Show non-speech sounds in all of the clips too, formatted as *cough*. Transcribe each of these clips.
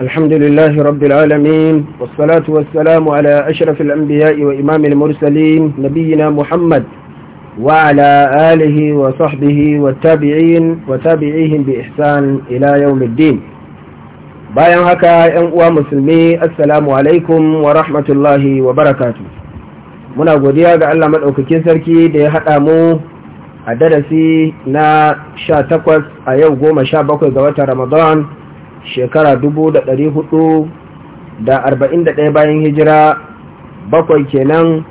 الحمد لله رب العالمين والصلاة والسلام على أشرف الأنبياء وإمام المرسلين نبينا محمد وعلى آله وصحبه والتابعين وتابعيهم بإحسان إلى يوم الدين bayan haka ‘yan uwa musulmi assalamu alaikum wa rahmatullahi wa barakatu muna godiya ga Allah maɗaukakin sarki da ya haɗa mu a darasi na sha takwas a yau goma sha bakwai ga watan ramadan shekara dubu da ɗari hudu da arba'in da ɗaya bayan hijira bakwai kenan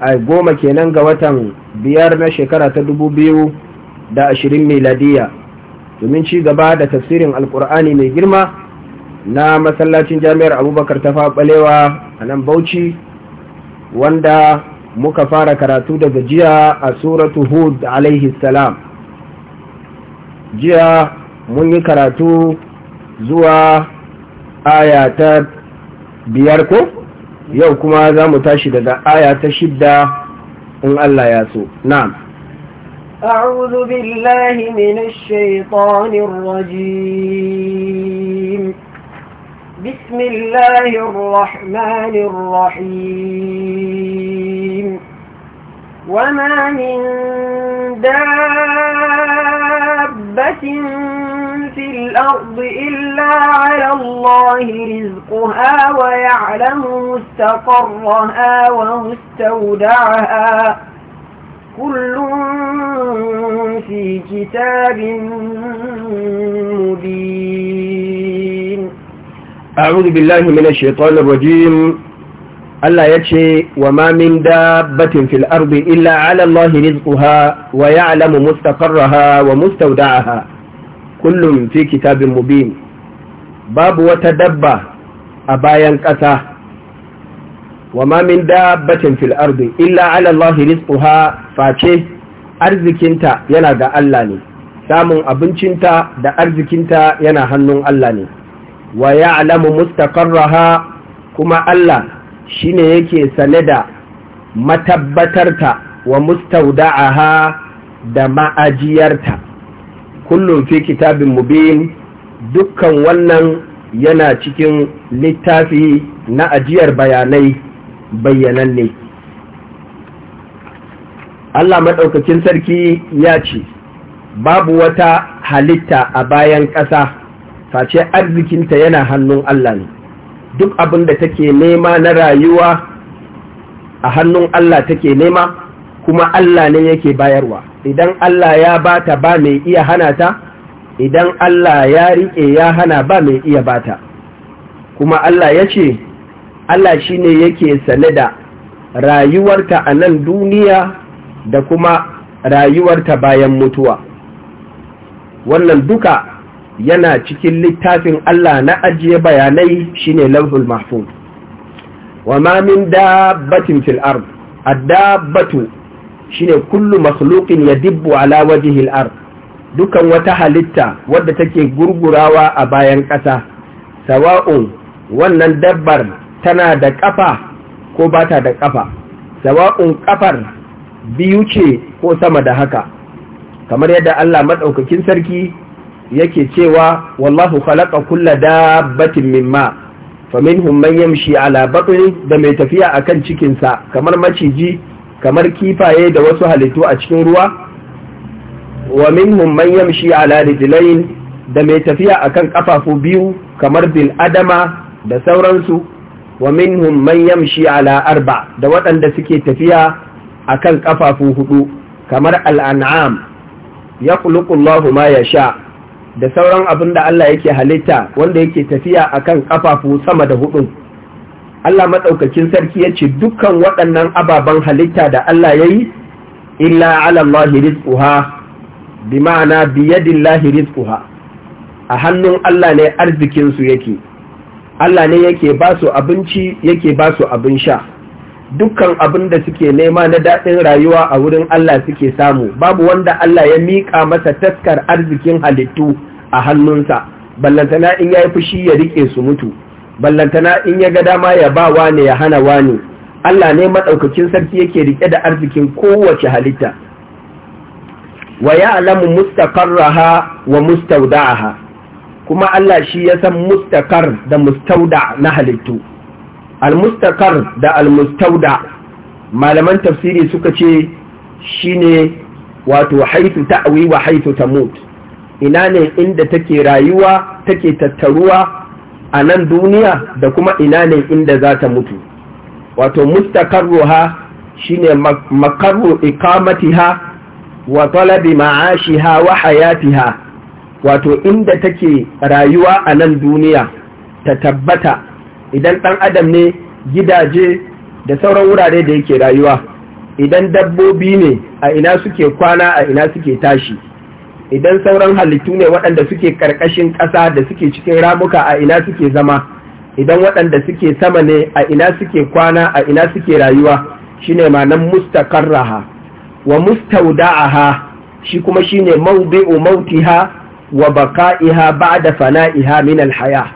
a goma kenan ga watan biyar na shekara ta dubu biyu da ashirin miladiya domin ci gaba da tafsirin alkur'ani mai girma na masallacin jami'ar abubakar ta faɓalewa a nan bauchi wanda muka fara karatu daga jiya a suratu hud alaihi salam jiya mun yi karatu zuwa aya ta biyar ko yau kuma za mu tashi daga aya ta shidda in Allah ya so na'am أعوذ بالله من الشيطان الرجيم بسم الله الرحمن الرحيم وما من دابة في الأرض إلا على الله رزقها ويعلم مستقرها ومستودعها كل في كتاب مبين أعوذ بالله من الشيطان الرجيم Allah ya ce wa ma min dabbatin fil ardi illa ala Allah rizquha wa ya'lamu mustaqarraha wa mustawda'aha kullum fi kitabin mubin babu wata dabba a bayan ƙasa wa ma min dabbatin fil ardi illa ala Allah rizquha face arzikinta yana ga Allah ne samun abincinta da arzikinta yana hannun Allah ne wa ya'lamu mustaqarraha kuma Allah Shi ne yake sane da matabbatarta wa ha da ma'ajiyarta kullum fi kitabin mubin dukkan wannan yana cikin littafi na ajiyar bayanai bayanan ne. Allah maɗaukakin sarki ya ce babu wata halitta a bayan ƙasa face arzikinta yana hannun Allah ne duk abin da take nema na rayuwa a hannun Allah take nema kuma Allah ne yake bayarwa idan Allah ya bata ba mai iya hana ta idan Allah ya riƙe ya hana ba mai iya bata kuma Allah ya ce Allah shi ne yake sane da rayuwarta a nan duniya da kuma rayuwarta bayan mutuwa wannan duka yana cikin littafin Allah na ajiye bayanai shine lafzul mahfuz wa ma min dabbatin fil ard ad-dabbatu shine kullu makhluqin yadibbu ala wajhi al-ard dukan wata halitta wadda take gurgurawa a bayan ƙasa sawa'un wannan dabbar tana da ƙafa ko ba ta da ƙafa sawa'un ƙafar biyu ce ko sama da haka kamar yadda Allah madaukakin sarki yake cewa wallahu khalaqa kulla dabbatin mimma faminhum man yamshi ala batni da mai tafiya akan cikin sa kamar maciji kamar kifaye da wasu halittu a cikin ruwa wa minhum man yamshi ala rijlayn da mai tafiya akan kafafu biyu kamar bil adama da sauransu wa minhum man yamshi ala arba da waɗanda suke tafiya akan kafafu hudu kamar al'an'am ya kulukullahu ma ya sha da sauran abin da Allah yake halitta wanda yake tafiya akan ƙafafu sama da hudu Allah maɗaukakin sarki ya ce dukkan waɗannan ababen halitta da Allah ya yi illa alallahi rizquha bi ma'ana biyadillahi rizquha a hannun Allah ne arzikinsu yake Allah ne yake ba su abinci yake ba su abin sha dukkan abin da suke nema na daɗin rayuwa a wurin Allah suke samu babu wanda Allah ya miƙa masa taskar arzikin halittu a hannunsa ballantana in ya yi fushi ya riƙe su mutu ballantana in ya ga dama ya ba ne, ya hana wane Allah ne maɗaukacin sarki yake riƙe da arzikin kowace halitta wa ya'lamu mustaqarraha wa mustawda'aha kuma Allah shi ya san mustaqar da mustawda na halittu almustakar da almustauda malaman tafsiri suka ce shine wato haitu ta'awi wa haitu tamut ina ne inda take rayuwa take tattaruwa a nan duniya da kuma ina ne inda za ta mutu wato mustakarruha shine makarru iqamatiha wa talabi ma'ashiha wa ha. wato inda take rayuwa a nan duniya ta tabbata idan ɗan adam ne gidaje da sauran wurare da yake rayuwa idan dabbobi ne a ina suke kwana a ina suke tashi idan sauran halittu ne waɗanda suke ƙarƙashin ƙasa da suke cikin ramuka a ina suke zama idan waɗanda suke sama ne a ina suke kwana a ina suke rayuwa shine ma'anar mustaqarraha wa musta'udaha shi kuma shine mawdi'u mautiha wa baqa'iha ba'da fana'iha min al-haya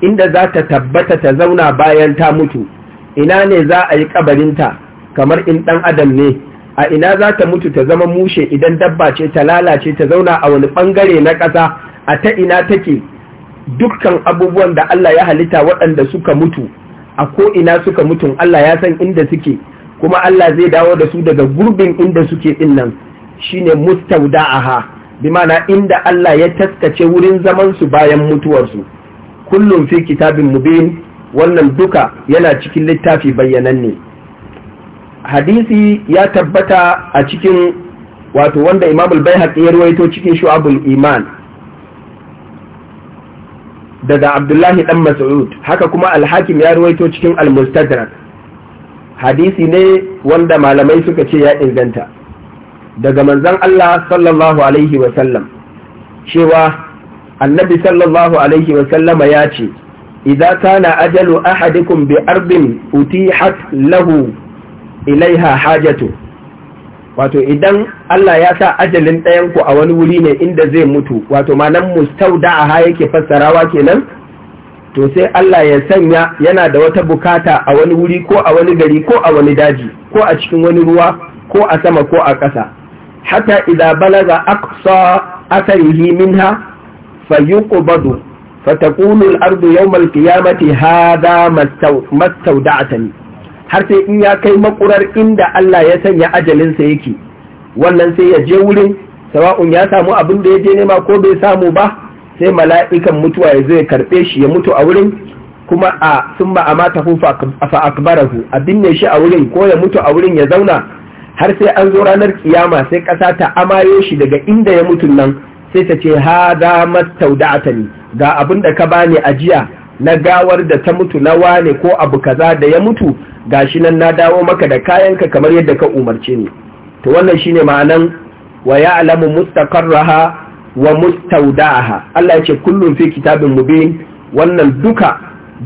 inda za ta tabbata ta zauna bayan ta mutu ina ne za a yi kabarinta kamar in ɗan adam ne a ina za ta mutu ta zama mushe idan dabba ce ta lalace ta zauna a wani ɓangare na ƙasa a ta ina take dukkan abubuwan da Allah ya halitta waɗanda suka mutu a ko ina suka mutu Allah ya san inda suke kuma Allah zai dawo da su daga gurbin inda suke ɗin nan shine mustauda'aha aha bi inda Allah ya taskace wurin zaman su bayan mutuwarsu kullum fi kitabin mubin wannan duka yana cikin littafi bayyananne hadisi ya tabbata a cikin wato wanda Imamul al ya ruwaito cikin shu'abul iman daga abdullahi dan mas'ud haka kuma al-hakim ya ruwaito cikin al-mustadrak hadisi ne wanda malamai suka ce ya inganta daga manzon Allah sallallahu alaihi wa sallam cewa annabi sallallahu alaihi wasallama ya ce idza kana ajalu ahadikum bi ardin utihat lahu ilaiha hajatu wato idan Allah ya sa ajalin ɗayan ku a wani wuri ne inda zai mutu wato manan ha yake fassarawa kenan to sai Allah ya sanya yana da wata bukata a wani wuri ko a wani gari ko a wani daji ko a cikin wani ruwa ko a sama ko a ƙasa hatta idza balaga aqsa atharihi minha فيقبض فتقول الأرض يوم القيامة هذا ما استودعتني har sai in ya kai makurar inda Allah ya sanya ajalinsa yake wannan sai ya je wurin sawa'un ya samu abin da ya je nema ko bai samu ba sai mala'ikan mutuwa ya zo ya karbe shi ya mutu a wurin kuma a sun ba a mata fa akbarahu a binne shi a wurin ko ya mutu a wurin ya zauna har sai an zo ranar kiyama sai ƙasa ta amayo shi daga inda ya mutu nan sai ta ce ha da mastauda'ata ne ga abin da ka bani a jiya na gawar da ta mutu na wane ko abu kaza da ya mutu gashi nan na dawo maka da kayanka kamar yadda ka umarce ni to wannan shine ma'anan wa ya'lamu mustaqarraha wa mustaudaha Allah yace kullun fi kitabin mubin wannan duka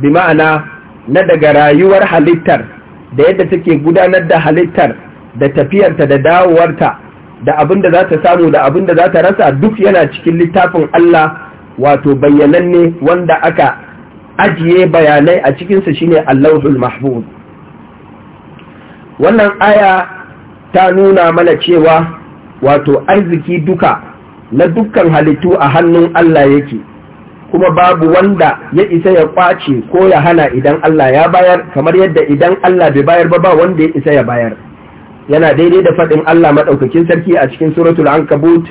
bi ma'ana na daga rayuwar halittar da yadda take gudanar da halittar da tafiyarta da dawowarta da abin da za ta samu da abin da za ta rasa duk yana cikin littafin Allah wato bayyananne wanda aka ajiye bayanai a cikinsa shine Allahul Mahfuz wannan aya ta nuna mana cewa wato arziki duka na dukkan halittu a hannun Allah yake kuma babu wanda ya isa ya kwace ko ya hana idan Allah ya bayar kamar yadda idan Allah bai bayar ba ba wanda ya isa ya bayar yana daidai da faɗin Allah maɗaukakin sarki a cikin suratul ankabut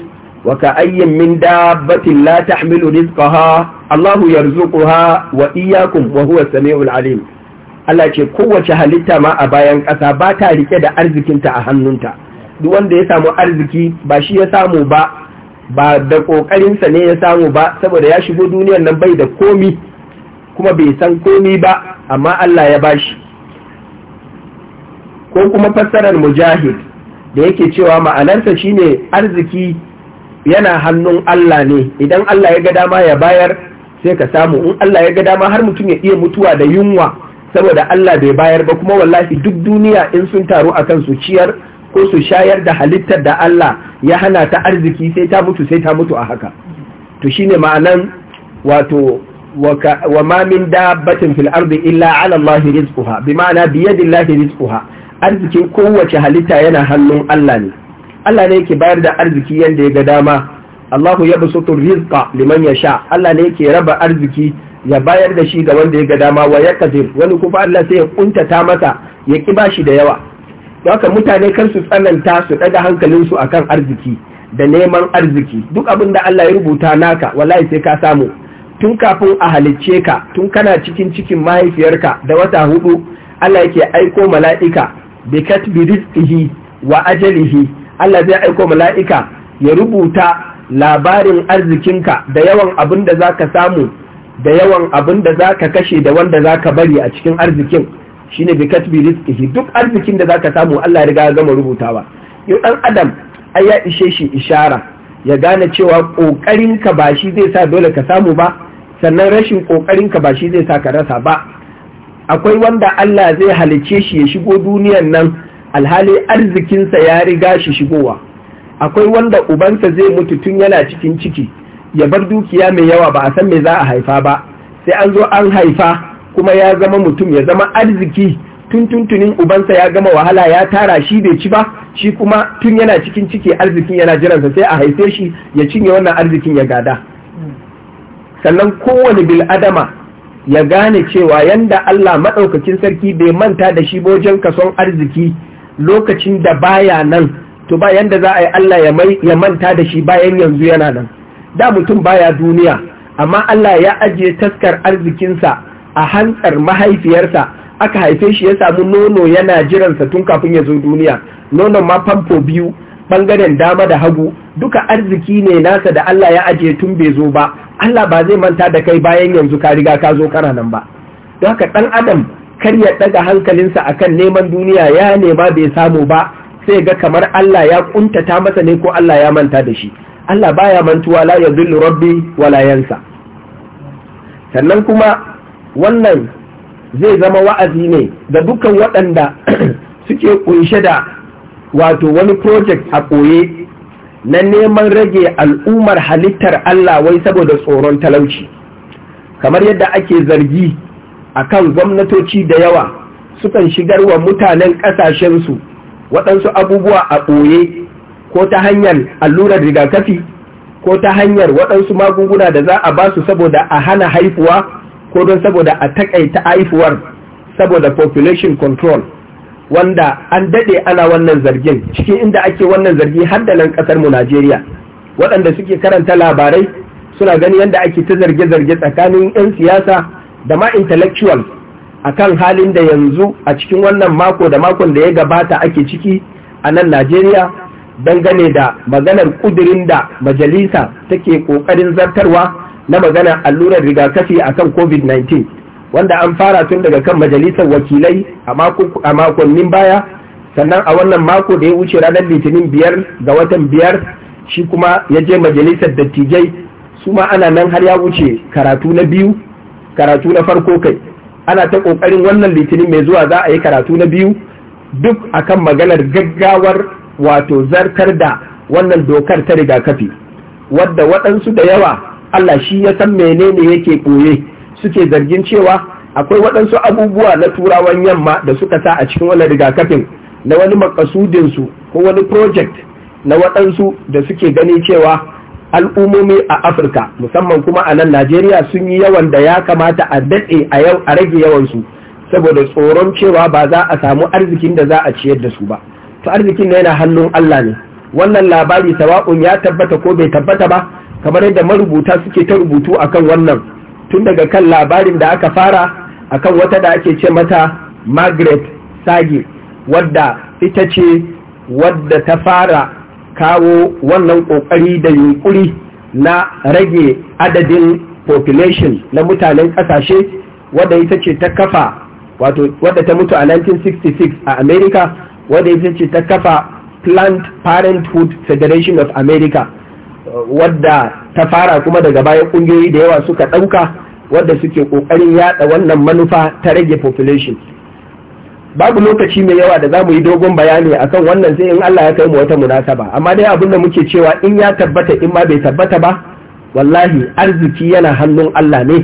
wa ka ayyin min dabbatin la tahmilu rizqaha Allahu yarzuquha wa iyyakum wa huwa samiul alim Allah ce kowace halitta ma a bayan ƙasa ba ta rike da arzikinta a hannunta duk wanda ya samu arziki ba shi ya samu ba ba da ƙoƙarinsa ne ya samu ba saboda ya shigo duniyar nan bai da komi kuma bai san komi ba amma Allah ya bashi ko kuma fassarar mujahid da yake cewa ma'anarsa shine arziki yana hannun Allah ne idan Allah ya ga dama ya bayar sai ka samu in Allah ya ga dama har mutum ya iya mutuwa da yunwa saboda Allah bai bayar ba kuma wallahi duk duniya in sun taru akan su ciyar ko su shayar da halittar da Allah ya hana ta arziki sai ta mutu sai ta mutu a haka to shine ma'anan wato wa ma min dabbatin fil ardi illa ala allahi rizquha bi ma'ana bi yadi allahi rizquha arzikin kowace halitta yana hannun Allah ne Allah ne yake bayar da arziki yadda ya ga dama Allahu ya basutu rizqa liman sha. Allah ne yake raba arziki ya bayar da shi ga wanda ya ga dama wa ya wani kuma Allah sai ya ta masa ya ki bashi da yawa don haka mutane kan su tsananta su daga hankalinsu akan arziki da neman arziki duk abin da Allah ya rubuta naka wallahi sai ka samu tun kafin a halicce ka tun kana cikin cikin mahaifiyarka da wata hudu Allah yake aiko mala'ika bi katbi rizqihi wa ajalihi Allah zai aiko mala'ika ya rubuta labarin arzikinka da yawan abin da zaka samu da yawan abin da zaka kashe da wanda zaka bari a cikin arzikin shine bi katbi rizqihi duk arzikin da zaka samu Allah ya riga ya gama rubutawa yau dan adam ai ya ishe shi ishara ya gane cewa ƙoƙarinka ba shi zai sa dole ka samu ba sannan rashin ka ba shi zai sa ka rasa ba akwai wanda Allah zai halice shi ya shigo duniyan nan alhali arzikinsa ya riga shi shigowa akwai wanda ubansa zai mutu tun yana cikin ciki ya bar dukiya mai yawa ba a san me za a haifa ba sai an zo an haifa kuma ya zama mutum ya zama arziki tun tuntunin ubansa ya gama wahala ya tara shi bai ci ba shi kuma tun yana cikin ciki arzikin yana jiransa sai a haife shi ya cinye wannan arzikin ya gada hmm. sannan kowane bil'adama ya gane cewa yanda Allah maɗaukakin sarki bai manta da shi wajen kason arziki lokacin da baya nan to ba yanda za a yi Allah ya manta da shi bayan yanzu yana nan da mutum baya duniya amma Allah ya ajiye taskar arzikinsa a hantsar mahaifiyarsa aka haife shi ya samu nono yana jiransa tun kafin ya zo duniya nonon ma famfo biyu bangaren dama da hagu duka arziki ne nasa da Allah ya ajiye tun bai zo ba Allah ba zai manta da kai bayan yanzu ka riga ka zo kana nan ba don haka dan adam kar ya daga hankalinsa akan neman duniya ya nema bai samu ba sai ga kamar Allah ya kuntata masa ne ko Allah ya manta da shi Allah baya mantuwa la yadhillu rabbi wala yansa sannan kuma wannan zai zama wa'azi ne da dukkan waɗanda *clears throat* suke kunshe da wato wani project a koye na neman rage al'ummar halittar Allah wai saboda tsoron talauci kamar yadda ake zargi a kan gwamnatoci da yawa sukan shigar wa mutanen ƙasashensu waɗansu abubuwa a ɓoye ko ta hanyar allurar rigakafi ko ta hanyar waɗansu magunguna da za a ba su saboda a hana haifuwa ko don saboda a taƙaita haifuwar saboda population control wanda an daɗe ana wannan zargin cikin inda ake wannan zargi har da nan ƙasar mu Najeriya waɗanda suke karanta labarai suna ganin yadda ake ta zarge-zarge tsakanin 'yan siyasa da ma intellectual akan halin da yanzu a cikin wannan mako da makon da ya gabata ake ciki a nan Najeriya dangane da maganar kudirin da majalisa take ƙoƙarin zartarwa na maganar allurar rigakafi akan covid-19 wanda an fara tun daga kan majalisar wakilai a makonnin baya sannan a wannan mako da ya wuce ranar litinin biyar ga watan biyar shi kuma ya je majalisar dattijai su ma ana nan har ya wuce karatu na biyu karatu na farko kai ana ta kokarin wannan litinin mai zuwa za a yi karatu na biyu duk akan maganar gaggawar wato zartar da wannan dokar ta rigakafi wadda waɗansu da yawa Allah shi ya san menene yake ɓoye suke zargin cewa akwai waɗansu abubuwa na turawan yamma da suka sa a cikin wani rigakafin na wani makasudinsu ko wani project na waɗansu da suke gani cewa al'ummomi a afirka musamman kuma a nan najeriya sun yi yawan da ya kamata a daɗe a yau a rage yawansu saboda tsoron cewa ba za a samu arzikin da za a ciyar da su ba to arzikin yana hannun allah ne wannan labari sawa'un ya tabbata ko bai tabbata ba kamar yadda marubuta suke ta rubutu akan wannan tun daga kan labarin da aka fara akan wata da ake ce mata margaret sage wadda ita ce wadda ta fara kawo wannan kokari da yunkuri na rage adadin population na mutanen kasashe wadda ita ce ta kafa wato wadda ta mutu a 1966 a america wadda ita ce ta kafa planned parenthood federation of america wadda ta fara kuma daga bayan kungiyoyi da yawa suka ɗauka wadda suke ƙoƙarin yada wannan manufa ta rage population babu lokaci mai yawa da za mu yi dogon bayani akan wannan sai in Allah ya kai mu wata munasaba amma dai abin da muke cewa in ya tabbata in ma bai tabbata ba wallahi arziki yana hannun Allah ne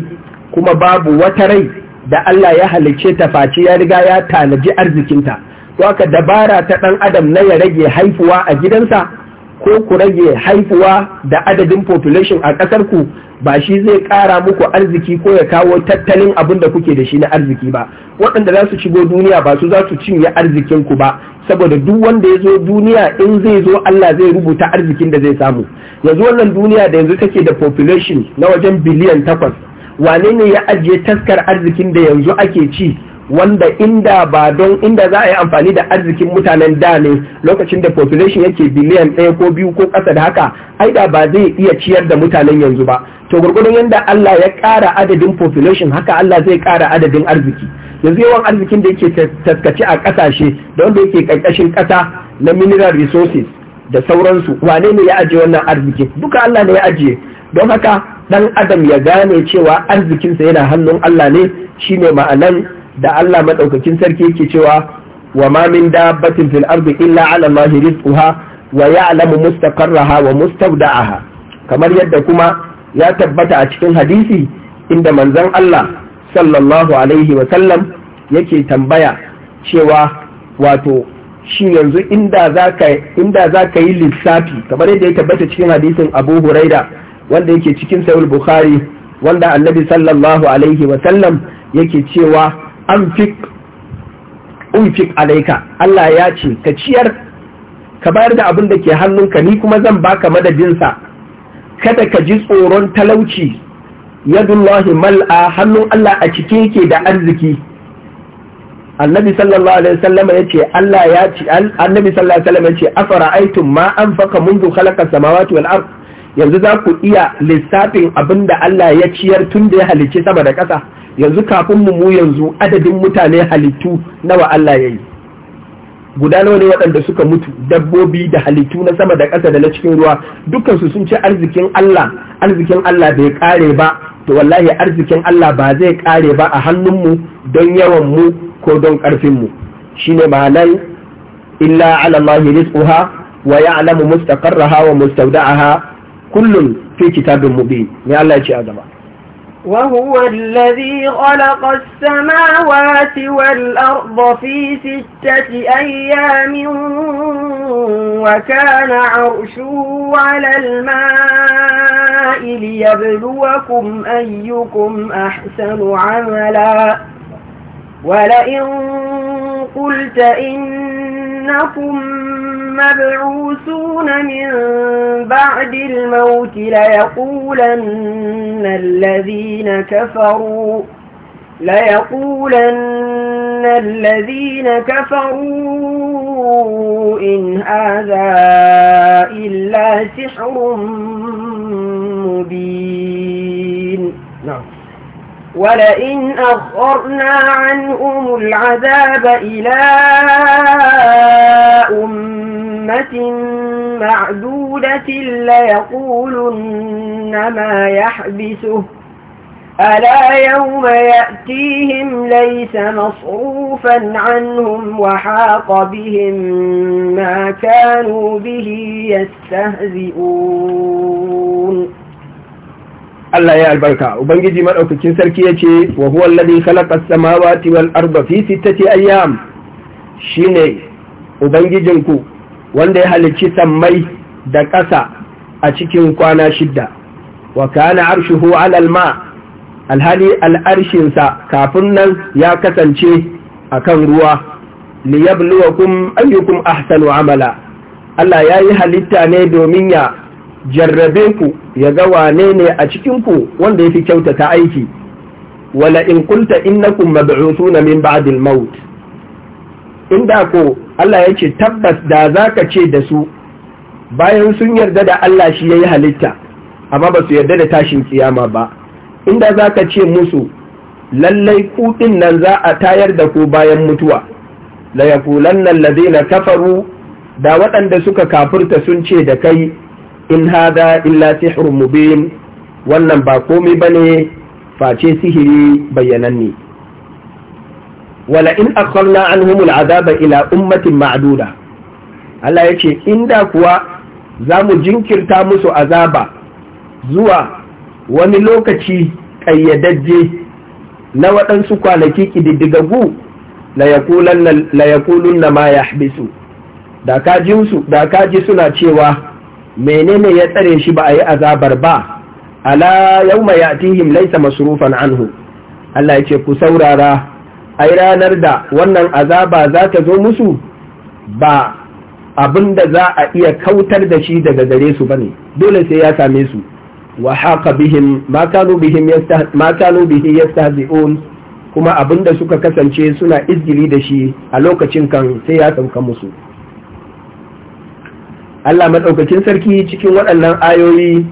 kuma babu wata rai da Allah ya halicce ta faci ya riga ya tanaji arzikinta to haka dabara ta dan adam na ya rage haifuwa a gidansa ko ku rage haifuwa da adadin population a ƙasar ku ba shi zai ƙara muku arziki ko ya kawo tattalin abin da kuke da shi na arziki ba waɗanda za su shigo duniya ba su za su cinye arzikin ku ba saboda duk wanda ya zo duniya in zai zo Allah zai rubuta arzikin da zai samu yanzu wannan duniya da yanzu take da population na wajen biliyan takwas wane ne ya ajiye taskar arzikin da yanzu ake ci wanda inda ba don inda za a yi amfani da arzikin mutanen da ne lokacin da population yake biliyan ɗaya ko biyu ko ƙasa da haka ai da ba zai iya ciyar da mutanen yanzu ba to gurgurun yadda Allah ya ƙara adadin population haka Allah zai ƙara adadin arziki yanzu yawan arzikin da yake taskaci a ƙasashe da wanda yake ƙarƙashin ƙasa na mineral resources da sauransu wane ne ya ajiye wannan arzikin duka Allah ne ya ajiye don haka dan adam ya gane cewa arzikinsa yana hannun Allah ne shine ma'anan da Allah madaukakin sarki yake cewa wa ma min dabbatin fil ardi illa ala allahi rizquha wa ya'lamu mustaqarraha wa mustawda'aha kamar yadda kuma ya tabbata a cikin hadisi inda manzon Allah sallallahu alaihi wa sallam yake tambaya cewa wato shi yanzu inda zaka inda zaka yi lissafi kamar yadda ya tabbata cikin hadisin Abu Huraira wanda yake cikin Sahih Bukhari wanda Annabi sallallahu alaihi wa sallam yake cewa anfik unfik alaika Allah ya ce ka ciyar ka bayar da abin da ke hannunka ni kuma zan baka madadinsa kada ka ji tsoron talauci yadullahi mal'a hannun Allah a cike yake da arziki annabi sallallahu alaihi wasallam ce, Allah ya ce annabi sallallahu alaihi wasallam yace afara'aytum ma anfaqa mundu khalaqa samawati wal ard yanzu za ku iya lissafin abinda Allah ya ciyar tun da ya halicci sama da ƙasa yanzu kafin mu mu yanzu adadin mutane halittu nawa Allah ya yi guda nawa ne waɗanda suka mutu dabbobi da halittu na sama da ƙasa da na cikin ruwa dukansu sun ce arzikin Allah arzikin Allah bai ƙare ba to wallahi arzikin Allah ba zai ƙare ba a hannunmu don yawan mu ko don ƙarfin mu shine ma'anar illa ala Allah rizquha wa ya'lamu mustaqarraha wa mustawda'aha kullun fi kitabin mubin ne Allah ya ce a gaba وهو الذي خلق السماوات والأرض في ستة أيام وكان عرشه على الماء ليبلوكم أيكم أحسن عملاً ولئن قلت إنكم مبعوثون من بعد الموت ليقولن الذين كفروا ليقولن الذين كفروا إن هذا إلا سحر مبين نعم ولئن أخرنا عنهم العذاب إلى أمة معدودة ليقولن ما يحبسه ألا يوم يأتيهم ليس مصروفا عنهم وحاق بهم ما كانوا به يستهزئون Allah ya albarka ubangiji madaukakin sarki ya yace wa huwa alladhi khalaqa as-samawati wal arda fi sittati ayyam shine ubangijinku wanda ya halicci sammai da ƙasa a cikin kwana shidda wa kana arshuhu ala al-ma alhali sa kafin nan ya kasance akan ruwa liyabluwakum ayyukum ahsanu amala Allah ya yi halitta ne domin ya jarrabe ku ya ga wane ne a cikin ku wanda yafi kyautata aiki wala in kunta innakum mab'uthuna min ba'd al-maut inda ko Allah yace tabbas da zaka ce da su bayan sun yarda da Allah shi yayi halitta amma ba su yarda da tashin kiyama ba inda zaka ce musu lallai ku din nan za a tayar da ku bayan mutuwa la yaqulanna alladhina kafaru da waɗanda suka kafirta sun ce da kai in hada illa sihrun mubin wannan ba komai bane face sihiri bayyananne wala in an anhum azaba ila ummatin ma'aduda Allah yace inda kuwa za mu jinkirta musu azaba zuwa wani lokaci kayyadajje na waɗansu kwanaki kididdigagu la yakulunna ma yahbisu da kajinsu da suna cewa menene ya tsare shi ba a yi azabar ba ala yau ya tihim laisa masurufan anhu Allah ya ce ku saurara ai ranar da wannan azaba za ta zo musu ba abin da za a iya kautar da shi daga gare su ba ne, dole sai ya same su wa haka bihim ma kanu bihim ma kanu kuma abin da suka kasance suna izgili da shi a lokacin kan sai ya sauka musu Allah maɗaukakin sarki cikin waɗannan ayoyi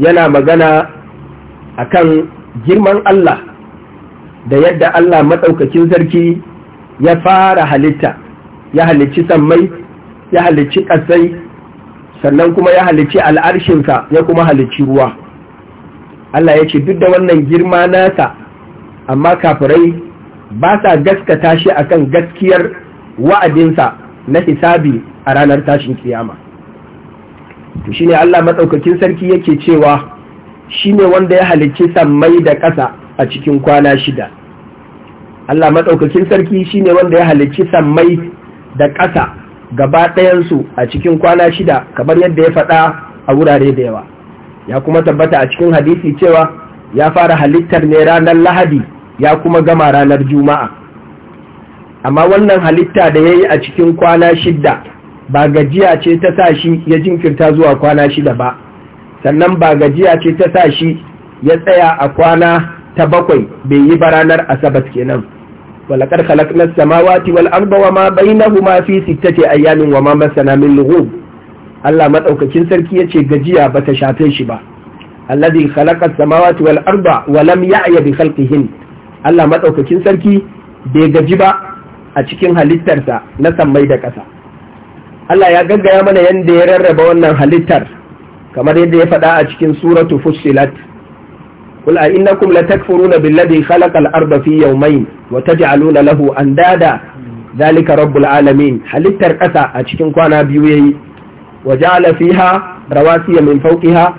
yana magana a kan girman Allah da yadda Allah maɗaukakin sarki ya fara halitta ya halicci sammai ya halicci ƙasai sannan kuma ya halicci al'arshinsa ya kuma halicci ruwa Allah ya ce duk da wannan girma nasa amma kafirai ba sa gaskata shi akan gaskiyar wa'adinsa na hisabi a ranar tashin kiyama to shine Allah madaukakin sarki yake cewa shine wanda ya halicci sammai da ƙasa a cikin kwana shida Allah madaukakin sarki shine wanda ya halicci sammai da ƙasa gaba ɗayansu a cikin kwana shida kamar yadda ya faɗa a wurare da yawa ya kuma tabbata a cikin hadisi cewa ya fara halittar ne ranar lahadi ya kuma gama ranar juma'a amma wannan halitta da ya yi a cikin kwana shida ba gajiya ce ta sa shi ya jinkirta zuwa kwana shida ba sannan ba gajiya ce ta sa shi ya tsaya a kwana ta bakwai bai yi ba ranar asabat kenan walakar khalaqna samawati wal arda wama bainahuma fi sittati ayamin wama masana min lughub Allah madaukakin sarki yace gajiya bata shafe shi ba alladhi khalaqa samawati wal arda wa lam ya'ya bi khalqihin Allah madaukakin sarki bai gaji ba a cikin halittarsa na samai da ƙasa Allah ya gaggaya mana yadda ya rarraba wannan halittar kamar yadda ya faɗa a cikin suratu fussilat قل أئنكم لتكفرون بالذي خلق الأرض في يومين وتجعلون له أندادا ذلك رب العالمين halittar ƙasa a cikin kwana biyu yayi وجعل فيها رواسي من فوقها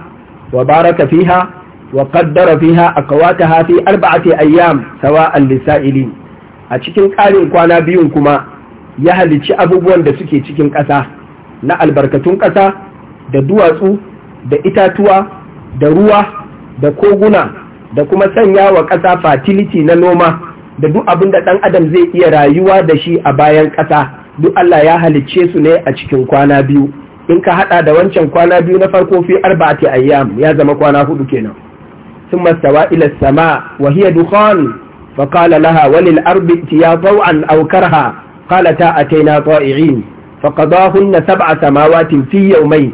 وبارك فيها وقدر فيها أقواتها في أربعة أيام سواء للسائلين a cikin ƙarin kwana biyun kuma ya halicci abubuwan da suke cikin ƙasa na albarkatun ƙasa da duwatsu da itatuwa da ruwa da koguna da kuma sanya wa ƙasa fatiliti na noma da duk abin da ɗan adam zai iya rayuwa da shi a bayan ƙasa duk Allah ya halicce su ne a cikin kwana biyu in ka haɗa da wancan kwana biyu na farko fi arba'ati ayyam ya zama kwana hudu kenan ثم استوى إلى السماء وهي دخان laha walil وللأرض tiya qalata ataina طائعين فقضاهن سبع سماوات في يومين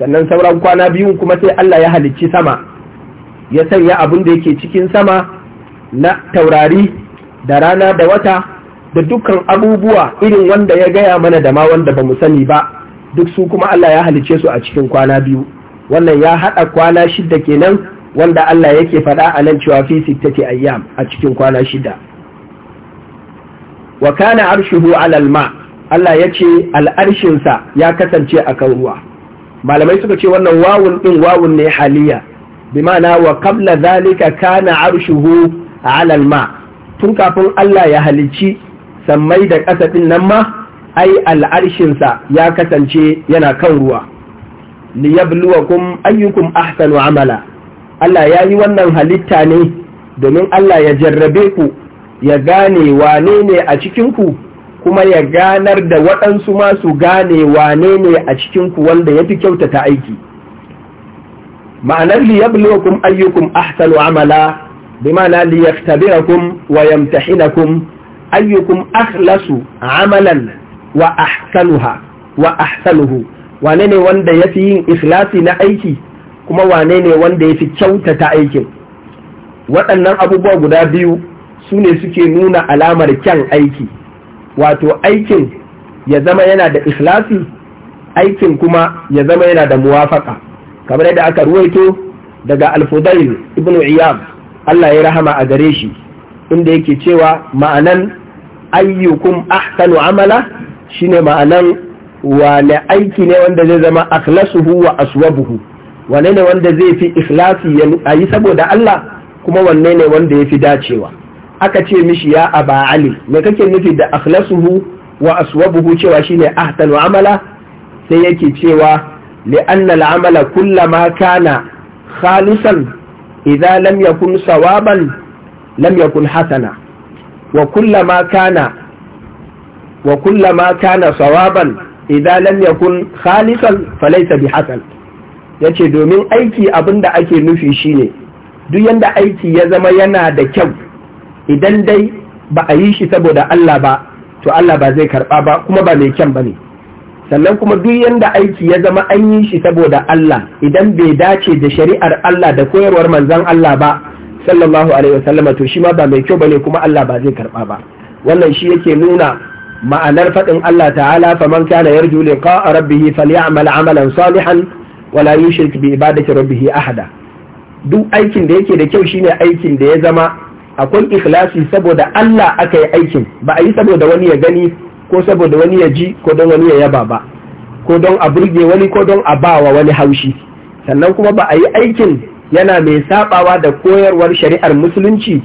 sannan sauran kwana biyun kuma sai Allah ya halicci sama ya sanya abin da yake cikin sama na taurari da rana da wata da dukkan abubuwa irin wanda ya gaya mana da ma wanda ba mu sani ba duk su kuma Allah ya halicce su a cikin kwana biyu wannan ya haɗa kwana shida kenan wanda Allah yake faɗa a nan cewa fi sittati ayyam a cikin kwana shida wa kana arshuhu alal ma Allah ya ce al'arshinsa ya kasance a kan ruwa malamai suka ce wannan wawun ɗin wawun ne haliya bi ma'ana wa kabla zalika kana arshuhu alal ma tun kafin Allah ya halicci sammai da ƙasa ɗin nan ma ai al'arshinsa ya kasance yana kan ruwa liyabluwakum ayyukum ahsanu amala Allah ya yi wannan halitta ne domin Allah ya jarrabe ku ya gane wane ne a cikinku kuma ya ganar da waɗansu masu gane wane ne a cikinku wanda ya fi kyauta ta aiki ma'anar liyablokun ayyukum ahsanu amala bi ma'ana liyaktabirakum wa yamtahinakum ayyukum akhlasu amalan wa ahsanuha wa ahsanuhu wane ne wanda ya fi yin ikhlasi na aiki kuma wane ne wanda ya fi kyauta ta aikin waɗannan abubuwa guda biyu su ne suke nuna alamar kyan aiki wato aikin ya zama yana da ikhlasi aikin kuma ya zama yana da muwafaka kamar yadda aka ruwaito daga alfudail ibn iyab Allah ya rahama a gare shi inda yake cewa ma'anan ayyukum ahsanu amala shine ma'anan wane aiki ne wanda zai zama akhlasuhu wa aswabuhu wane ne wanda zai fi ikhlasi ya yi saboda Allah kuma wanne ne wanda ya fi dacewa aka ce mishi ya aba ali me kake nufi da akhlasuhu wa aswabuhu cewa shine ahsanu amala sai yake cewa li'anna al'amala kullama kana khalisan idza lam yakun sawaban lam yakun hasana wa kullama kana wa kullama kana sawaban idza lam yakun khalisan falaysa bihasan yace domin aiki abinda ake nufi shine duk yanda aiki ya zama yana da kyau idan dai ba a yi shi saboda Allah ba to Allah ba zai karɓa ba kuma ba mai kyan ba ne sannan kuma duk yanda aiki ya zama an yi shi saboda Allah idan bai dace da shari'ar Allah da koyarwar manzon Allah ba sallallahu alaihi wasallam to shi ma ba mai kyau bane kuma Allah ba zai karba ba wannan shi yake nuna ma'anar faɗin Allah ta'ala faman kana yarju liqa'a rabbih falyamal amalan salihan wa la yushrik bi ibadati rabbih ahada duk aikin da yake da kyau shine aikin da ya zama akwai ikhlasi saboda Allah aka yi aikin ba a yi saboda wani ya gani ko saboda wani ya ji ko don wani ya yaba ba ko don a burge wani ko don a ba wa wani haushi sannan kuma ba a yi aikin yana mai sabawa da koyarwar shari'ar musulunci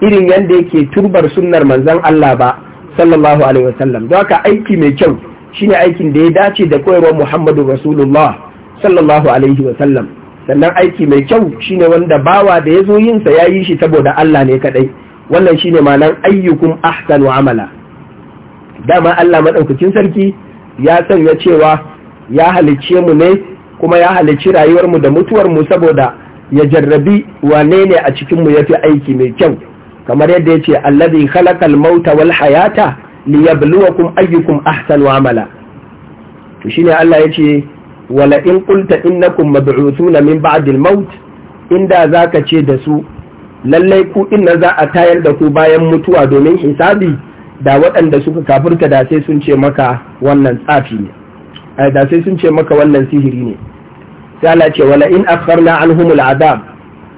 irin yadda yake turbar sunnar manzon Allah ba sallallahu alaihi wasallam don haka aiki mai kyau shine aikin da ya dace da koyarwar Muhammadu Rasulullah sallallahu alaihi wasallam sannan aiki mai kyau shine wanda bawa da ya zo yinsa ya yi shi saboda Allah ne kadai wannan shine ma'anar ayyukum ahsanu amala dama Allah madaukakin sarki ya sanya cewa ya halicce mu ne kuma ya halicci rayuwar mu da mutuwar mu saboda ya jarrabi wane ne a cikin mu yafi aiki mai kyau kamar yadda ya yace allazi khalaqal mauta wal hayata liyabluwakum ayyukum ahsanu amala to shine Allah ya ce. wala in qulta innakum mab'uthuna min ba'd al-maut inda zaka ce da su lallai ku inna za a tayar da ku bayan mutuwa domin hisabi da waɗanda suka kafirta da sai sun ce maka wannan tsafi ne ai da sai sun ce maka wannan sihiri ne sai Allah ce wala in akharna anhumul azab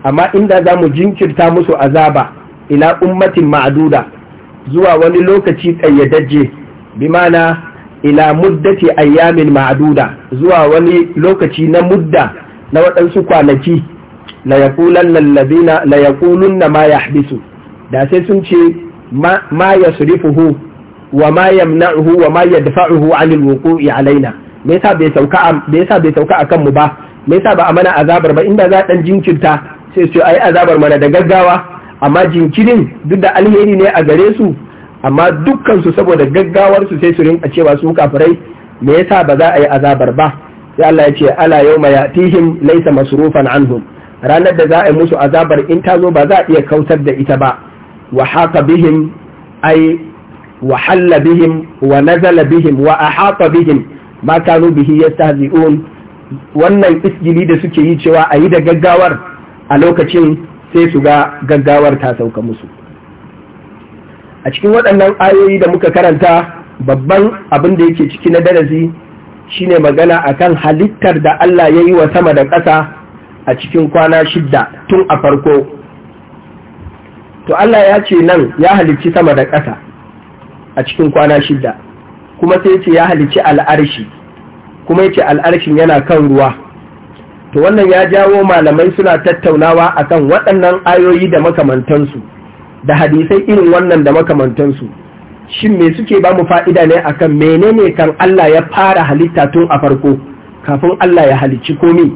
amma inda za mu jinkirta musu azaba ila ummatin ma'duda zuwa wani lokaci kayyadajje bi ma'ana ila muddati ayyamin ma'aduda, zuwa wani lokaci na mudda na waɗansu kwanaki la yaqulanna alladhina la yaquluna ma yahbisu da sai sun ce ma yasrifuhu wa ma yamna'uhu wa ma yadfa'uhu 'anil wuqu'i alaina me yasa bai sauka me yasa bai sauka akan mu ba me yasa ba a mana azabar ba inda za dan jinkirta sai su ai azabar mana da gaggawa amma jinkirin duk da alheri ne a gare su amma dukkansu saboda gaggawarsu sai su rinka cewa su kafirai me yasa ba za a yi azabar ba sai Allah ya ce ala yawma yatihim laysa masrufan anhum ranar da za a yi musu azabar in ta zo ba za a iya kautar da ita ba wa haqa bihim ai wa halla bihim wa nazala bihim wa ahata bihim ma kanu bihi yastahzi'un wannan isgili da suke yi cewa a yi da gaggawar a lokacin sai su ga gaggawar ta sauka musu a cikin waɗannan ayoyi da muka karanta babban abin da yake ciki na darasi shine magana akan halittar da Allah ya yi wa sama da ƙasa a cikin kwana shidda tun a farko to Allah ya ce nan ya halicci sama da ƙasa a cikin kwana shidda kuma sai ce ya halicci al'arshi kuma ya ce al'arshin yana kan ruwa to wannan ya jawo malamai suna tattaunawa akan waɗannan ayoyi da makamantansu da hadisai irin wannan da makamantansu shin me suke ba mu fa'ida ne akan menene kan Allah ya fara halitta tun a farko kafin Allah ya halicci komi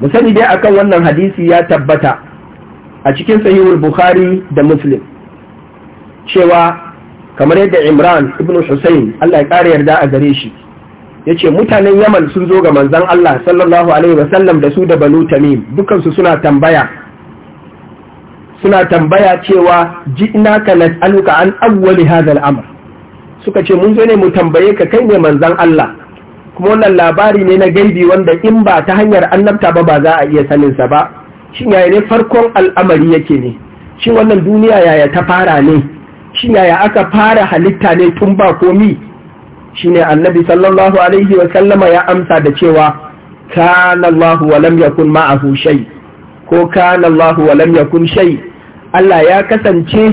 mu sani dai akan wannan hadisi ya tabbata a cikin sahihul bukhari da muslim cewa kamar yadda imran ibn husayn Allah ya ƙara yarda a gare shi ya ce mutanen yaman sun zo ga manzan Allah sallallahu alaihi wasallam da su da banu tamim dukansu suna tambaya suna tambaya cewa ji ina ka nas'aluka an awwali hadha al-amr suka ce mun zo ne mu tambaye ka kai ne manzon Allah kuma wannan labari ne na gaibi wanda in ba ta hanyar annabta ba ba za a iya sanin sa ba shin yaya ne farkon al'amari yake ne shin wannan duniya yaya ta fara ne shin yaya aka fara halitta ne tun ba komi shine annabi sallallahu alaihi wa sallama ya amsa da cewa kana Allah wa lam yakun ma'ahu shay ko kana Allah wa lam yakun shay' Allah ya kasance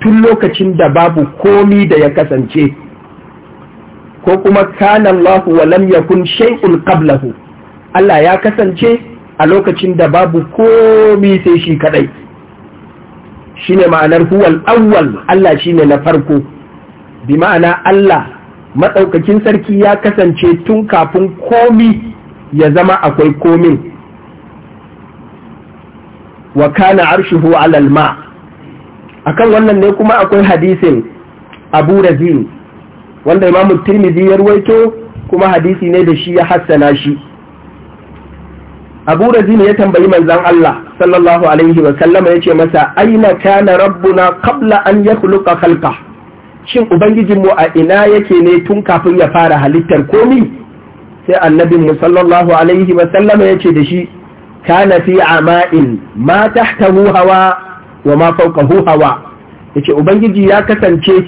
tun lokacin da babu komi da ya kasance ko kuma kanan Allah wa lam yakun shaikun qablahu Allah ya kasance a lokacin da babu komi sai shi kadai ne ma'anar huwal awwal Allah shi ne na farko bi ma'ana Allah matsaukakin sarki ya kasance tun kafin komi ya zama akwai komin wa kana arshuhu alalma. alma akan wannan ne kuma akwai hadisin abu razin wanda Imam tirmidhi ya ruwaito kuma hadisi ne da shi ya hassana shi abu razin ya tambayi manzan Allah sallallahu alaihi wa sallama ya ce masa aina kana rabbuna qabla an yakhluqa khalqa shin ubangijinmu a ina yake ne tun kafin ya fara halittar komi sai annabinmu sallallahu alaihi wa sallama ya ce da shi kana fi ama'in ma hu hawa wa ma hu hawa yace ubangiji ya kasance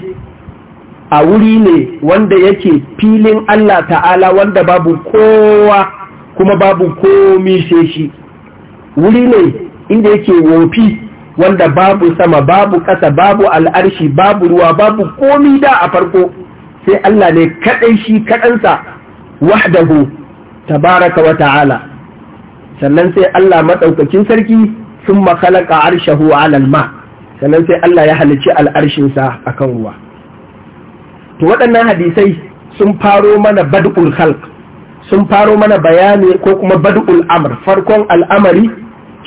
a wuri ne wanda yake filin Allah ta'ala wanda babu kowa kuma babu komi shi wuri ne inda yake wofi wanda babu sama babu ƙasa babu al'arshi babu ruwa babu komi da a farko sai Allah ne kadai shi kaɗansa wahdahu tabaraka wa ta'ala sannan sai Allah maɗaukakin sarki sun makalaka arshahu alal ma sannan sai Allah ya halici al'arshinsa a kan ruwa to waɗannan hadisai sun faro mana bad'ul khalq sun faro mana bayani ko kuma bad'ul amr farkon al'amari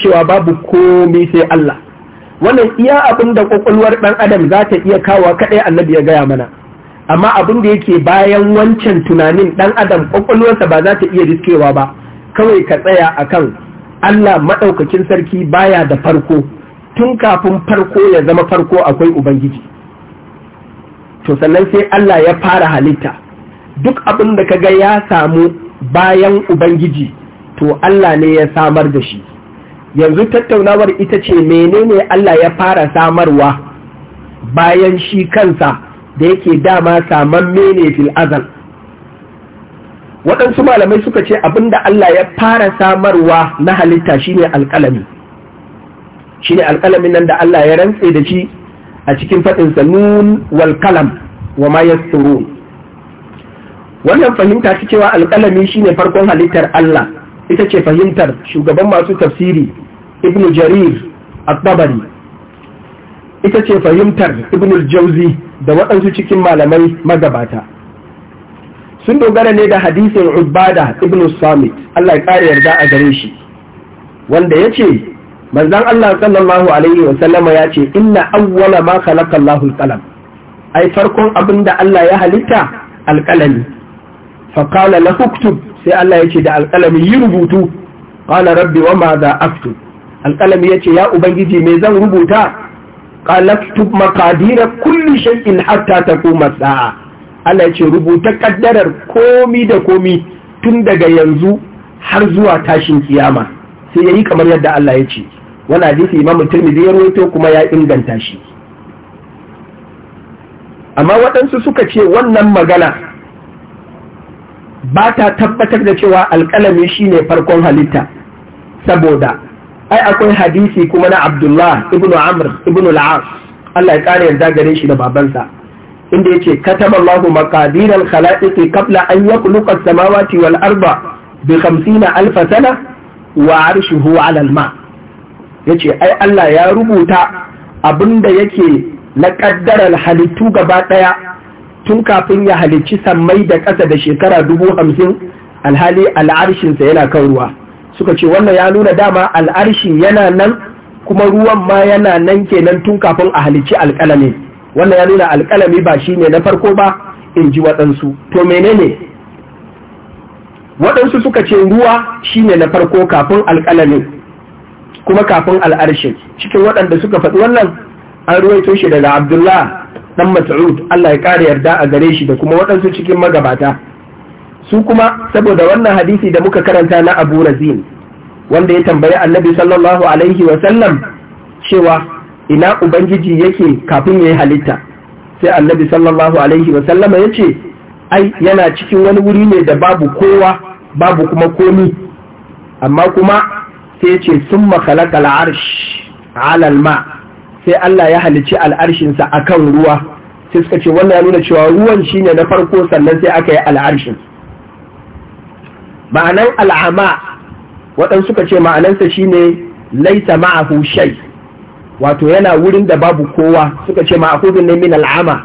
cewa babu komi sai Allah wannan iya abin da ƙwaƙwalwar ɗan adam za ta iya kawo kaɗai annabi ya gaya mana amma abin da yake bayan wancan tunanin ɗan adam ƙwaƙwalwarsa ba za ta iya riskewa ba kawai ka tsaya a kan Allah maɗaukakin sarki baya da farko tun kafin farko ya zama farko akwai ubangiji to sannan sai Allah ya fara halitta duk abin da kaga ya samu bayan ubangiji to Allah ne ya samar da shi yanzu tattaunawar ita ce menene Allah ya fara samarwa bayan shi kansa da yake dama saman mene fil azal waɗansu malamai suka ce abin da Allah ya fara samarwa na halitta shine alƙalami shine alƙalamin nan da Allah ya rantse da shi a cikin faɗin nun wal wa ma yasturun wannan fahimta ta cewa alƙalami shine farkon halittar Allah ita ce fahimtar shugaban masu tafsiri ibn jarir at-tabari ita ce fahimtar ibn jauzi da waɗansu cikin malamai magabata sun dogara ne da hadisin ubada ibn samit Allah ya kare yarda a gare shi wanda ya ce manzan Allah sallallahu alaihi wa sallama ya ce inna awwala ma khalaqa Allahul qalam ai farkon abin da Allah ya halitta alqalami fa qala la uktub sai Allah ya ce da alqalami yi rubutu qala rabbi wa ma za aktub ya ce ya ubangiji me zan rubuta qala aktub maqadira kulli shay'in hatta taquma as-sa'a Allah ya ce rubuta kaddarar komi da komi tun daga yanzu har zuwa tashin kiyama sai yayi kamar yadda Allah ya ce wannan hadisi Imam Tirmidhi ya rawaito kuma ya inganta shi amma waɗansu suka ce wannan magana ba ta tabbatar da cewa alƙalami shine farkon halitta saboda ai akwai hadisi kuma na Abdullah ibn Amr ibn al-As Allah ya kare yarda gare shi da babansa inda yake kataba Allahu maqadir al-khalaiqi qabla an yakhluqa as-samawati wal arda bi 50 alf sana wa arshuhu 'ala al-ma yace ai Allah ya rubuta abinda yake na al halittu gaba daya tun kafin ya halicci sammai da ƙasa da shekara dubu hamsin alhali al'arshinsa yana kan ruwa suka ce wannan ya nuna dama al'arshi yana nan kuma ruwan ma yana nan kenan tun kafin a halicci alƙalami wannan ya nuna alƙalami ba shi ne na farko ba in ji waɗansu to menene waɗansu suka ce ruwa shi ne na farko kafin alƙalamin kuma kafin al'arshin cikin waɗanda suka faɗi wannan an ruwaito shi daga abdullah ɗan mas'ud allah ya ƙara yarda a gare shi da kuma waɗansu cikin magabata su kuma saboda wannan hadisi da muka karanta na abu razin wanda ya tambayi annabi sallallahu alaihi wa cewa ina ubangiji yake kafin ya yi halitta sai annabi sallallahu alaihi wasallama ya ce ai yana cikin wani wuri ne da babu kowa babu kuma komi amma kuma sai ce sun makalaka al'arsh alalma sai Allah ya halici al'arshinsa a kan ruwa sai suka ce wannan ya nuna cewa ruwan shi ne na farko sannan sai aka yi al'arshin ma'anan al'ama waɗansu suka ce ma'anansa shi ne laita ma'ahu shai wato yana wurin da babu kowa suka ce ma akudun ne min al'ama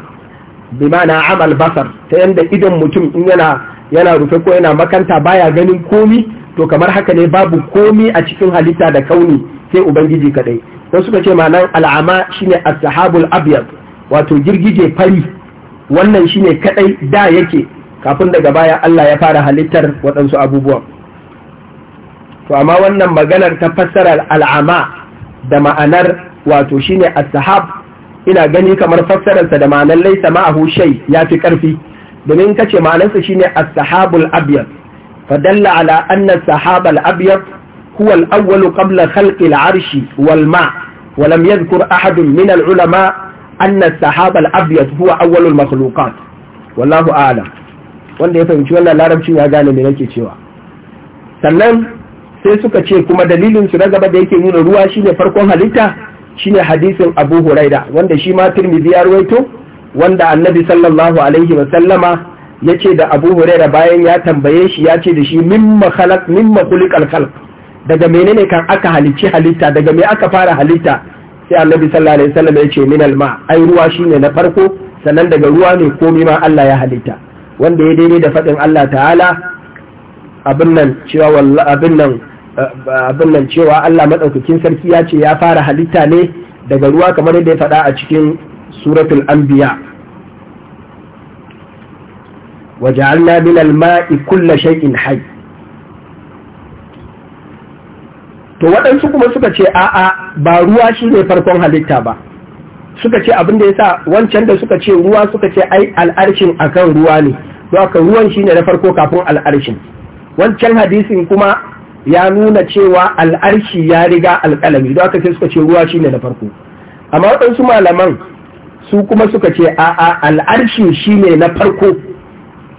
bi ma'ana amal basar ta yanda idan mutum in yana yana rufe ko yana makanta baya ganin komi to kamar haka ne babu komi a cikin halitta da kauni sai ubangiji kadai ko suka ce ma nan al'ama shine as-sahabul abyad wato girgije fari wannan shine kadai da yake kafin daga baya Allah ya fara halittar waɗansu abubuwa to amma wannan maganar ta fassara al'ama da ma'anar wato shine as-sahab ina gani kamar fassararsa da ma'anar laisa ma'ahu ya yafi karfi domin kace ma'anarsa shine as-sahabul abyad fadalla ala anna sahabal abyad huwa al-awwal qabla khalqi al-arshi wal ma' wa lam yadhkur min al-ulama anna sahabal abyad huwa awwal al-makhluqat wallahu a'lam wanda ya fahimci wannan larabcin ya gane me nake cewa sannan sai suka ce kuma dalilin su na gaba da yake nuna ruwa shine farkon halitta shine hadisin Abu Huraira wanda shi ma Firmi ya ruwaito wanda Annabi sallallahu alaihi wa sallama ce da Abu Huraira bayan ya tambaye shi ya ce da shi mimma khalaq mimma khuliqal daga menene kan aka halicci halitta daga me aka fara halitta sai Annabi sallallahu alaihi ya yace min alma ai ruwa shine na farko sannan daga ruwa ne komai ma Allah ya halitta wanda ya daidai da faɗin Allah ta'ala abin abin nan abin nan cewa Allah maɗaukakin sarki ya ce ya fara halitta ne daga ruwa kamar yadda ya faɗa a cikin suratul anbiya ja'alna min al-ma'i kulla shay'in hayy to waɗansu kuma suka ce a'a ba ruwa shine farkon halitta ba suka ce abin da yasa wancan da suka ce ruwa suka ce ai al'arshin akan ruwa ne to akan ruwan shine na farko kafin al'arshin wancan hadisin kuma ya nuna cewa al'arshi ya riga alƙalami don aka sai suka ce ruwa shine na farko amma waɗansu malaman su kuma suka ce a'a al'arshi shine na farko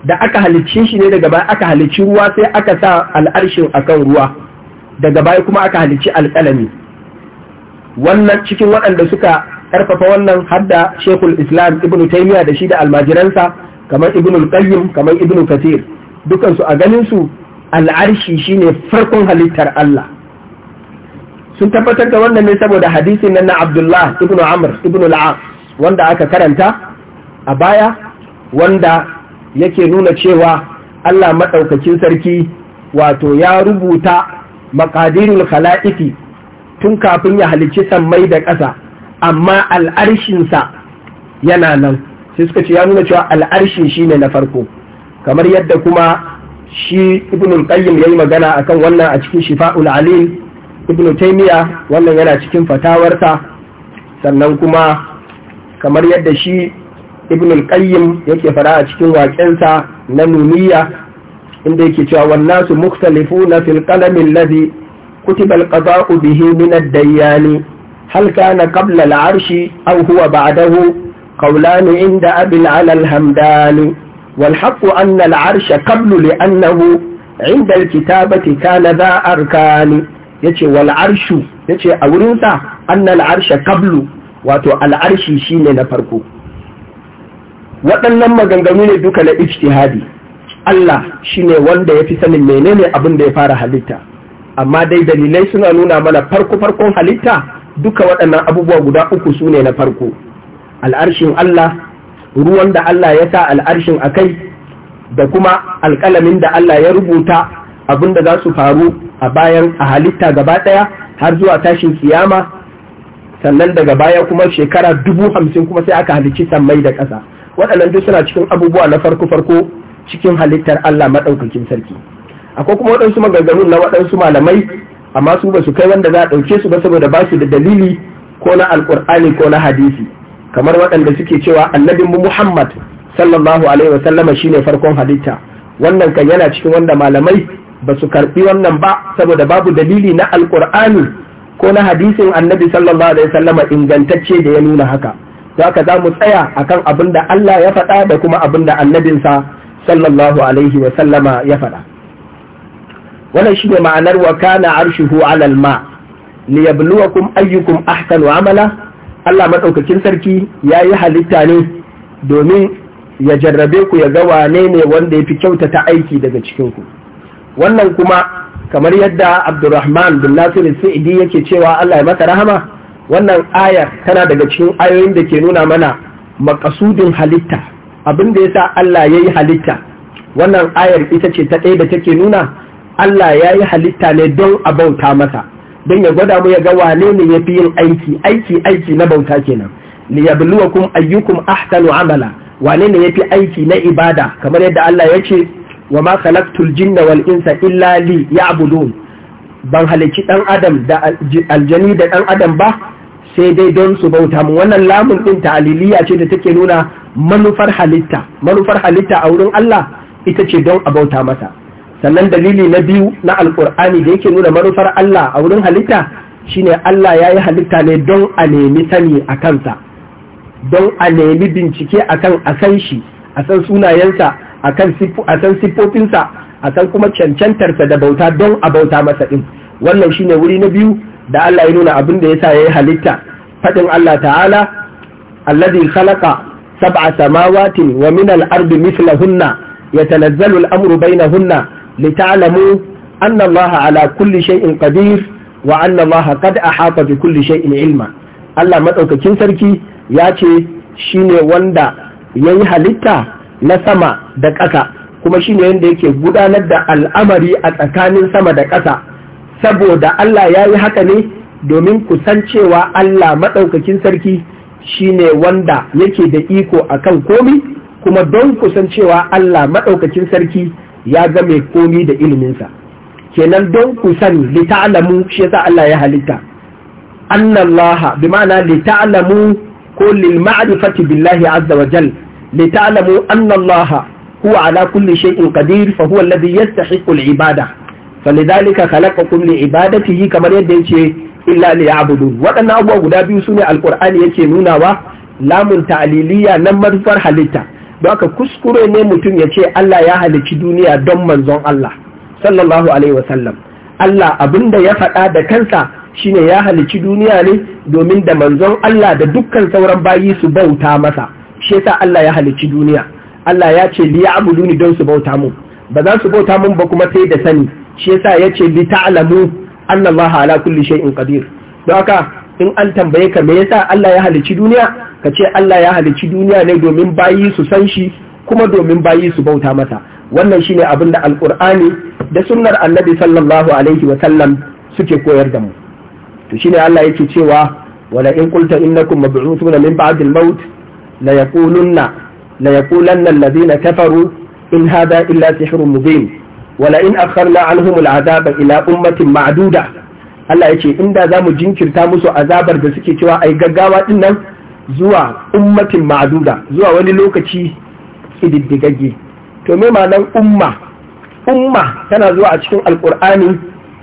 da aka halicce shi ne daga baya aka halicci ruwa sai aka sa al'arshin akan ruwa daga baya kuma aka halicci alƙalami wannan cikin waɗanda suka ƙarfafa wannan hadda shekul islam ibn taimiya da shi da almajiransa kamar ibn qayyim kamar ibn kathir dukansu a ganin su al'arshi shine farkon halittar Allah sun tabbatar da wannan ne saboda hadisin na, na Abdullah ibn Amr ibn al wanda aka karanta a baya wanda yake nuna cewa Allah maɗaukakin sarki wato ya rubuta makadirul khala'iki tun kafin ya halicci sammai da ƙasa amma al'arshinsa yana nan sai suka ce ya nuna cewa al'arshin shine na farko kamar yadda kuma shi ibn qayyim yayi magana akan wannan a cikin shifa'ul alim ibn taymiya wannan yana cikin fatawarsa sannan kuma kamar yadda shi ibn qayyim yake fara a cikin waƙensa na nuniya inda yake cewa wannasu mukhtalifuna fil qalam alladhi kutiba alqada'u bihi min ad-dayyani hal kana qabla al-'arshi aw huwa ba'dahu qawlan inda abi al-'ala والحق أن العرش قبل لأنه عند الكتابة كان ذا أركان yace wal yace a wurinsa, sa annal arsha qablu wato al'arshi shine na farko waɗannan maganganu ne duka na ijtihadi Allah shine wanda ya fi sanin menene abin da ya fara halitta amma dai dalilai suna nuna mana farko farkon halitta duka waɗannan abubuwa guda uku sune na farko al'arshin Allah ruwan da Allah ya sa al'arshin a kai da kuma alƙalamin da Allah ya rubuta abin da za su faru a bayan a halitta gaba ɗaya har zuwa tashin kiyama sannan daga baya kuma shekara dubu hamsin kuma sai aka halicci sammai da ƙasa waɗannan duk suna cikin abubuwa na farko farko cikin halittar Allah maɗaukakin sarki akwai kuma waɗansu maganganun na waɗansu malamai amma su ba su kai wanda za a ɗauke su ba saboda ba su da dalili ko na alƙur'ani ko na hadisi kamar waɗanda suke cewa annabin mu Muhammad sallallahu alaihi wa sallama shine farkon halitta wannan kan yana cikin wanda malamai ba su karɓi wannan ba saboda babu dalili na Alƙur'ani ko na hadisin annabi sallallahu alaihi wa sallama ingantacce da ya nuna haka za ka za mu tsaya akan abin da Allah ya faɗa da kuma abin da annabinsa sallallahu alaihi wa sallama ya faɗa wannan shine ma'anar wa kana arshuhu alal ma liyabluwakum ayyukum ahsanu amala Allah maɗaukakin sarki ya yi halitta ne domin ya jarrabe ku ya ga wane ne wanda ya fi kyautata aiki daga cikinku wannan kuma kamar yadda abdurrahman bin nasir sa'idi yake cewa Allah ya masa rahama wannan ayar tana daga cikin ayoyin da ke nuna mana makasudin halitta abin da yasa Allah ya yi halitta wannan ayar ita ce ta ɗaya da take nuna Allah ya yi halitta ne don a bauta masa don ya gwada mu ya ga wane ne ya fi yin aiki aiki aiki na bauta kenan li kun ayyukum ahsanu amala wane ne ya fi aiki na ibada kamar yadda Allah ya ce wa ma khalaqtul jinna wal insa illa li ya'budun ban halicci dan adam da aljani da dan adam ba sai dai don su bauta mu wannan lamun din ta'aliliya ce da take nuna manufar halitta manufar halitta a wurin Allah ita ce don a bauta masa sannan dalili na biyu na alkur'ani da yake nuna manufar Allah a wurin halitta shine Allah ya yi halitta ne don a nemi sani a kansa don a nemi bincike akan a san shi a san sunayensa a san siffofinsa a san kuma cancantarsa da bauta don a bauta masa ɗin wannan shine wuri na biyu da Allah ya nuna abin da ya sa ya yi halitta faɗin Allah ta'ala alladhi khalaqa sab'a samawati wa min al-ardi mithlahunna yatanazzalu al-amru bainahunna لتعلموا أن الله على كل شيء قدير وأن الله قد أحاط بكل شيء علما Allah maɗaukakin sarki ya ce shi ne wanda ya yi halitta na sama da ƙasa kuma shi ne yadda yake gudanar da al'amari a tsakanin sama da ƙasa saboda Allah ya yi haka ne domin kusancewa Allah maɗaukakin sarki shi ne wanda yake da iko a kan komi kuma don kusancewa Allah maɗaukakin sarki ya ga mai komi da iliminsa kenan don ku sani li ta'lamu shi yasa Allah ya halitta annallaha bi ma'ana li ta'lamu ko lil ma'rifati billahi azza wa jal li ta'lamu annallaha huwa ala kulli shay'in qadir fa huwa alladhi yastahiqu al ibada falidhalika khalaqakum li ibadatihi kamar yadda yace illa li ya'budun waɗannan abubuwa guda biyu sune alqur'ani yake nunawa lamun ta'liliya nan manufar halitta haka kuskure ne mutum ya ce Allah ya halici duniya don manzon Allah sallallahu alaihi wasallam Allah abinda ya faɗa da kansa shine ya halici duniya ne domin da manzon Allah da dukkan sauran bayi su bauta masa shi yasa Allah ya halici duniya Allah ya ce li ya'buduni don su bauta mu ba za su bauta mun ba kuma sai da sani shi yasa ya ce li ta'lamu anna Allah ala kulli shay'in qadir don haka in an tambaye ka me yasa Allah ya halici duniya ka ce Allah ya halicci duniya ne domin bayi su san shi kuma domin bayi su bauta mata. wannan shine abin da alkur'ani da sunnar annabi sallallahu alaihi wa sallam suke koyar da mu to shine Allah yake cewa wala in qulta innakum mab'uthuna min ba'dil maut la yaqulunna la yaqulanna alladhina kafaru in hadha illa sihrun mubin wala in akharna anhum al'adaba ila ummatin ma'duda Allah yace inda zamu jinkirta musu azabar da suke cewa ai gaggawa din nan zuwa ummatin ma'aduda zuwa wani lokaci ƙididdigagge to me ma'anar umma umma tana zuwa a cikin alƙur'ani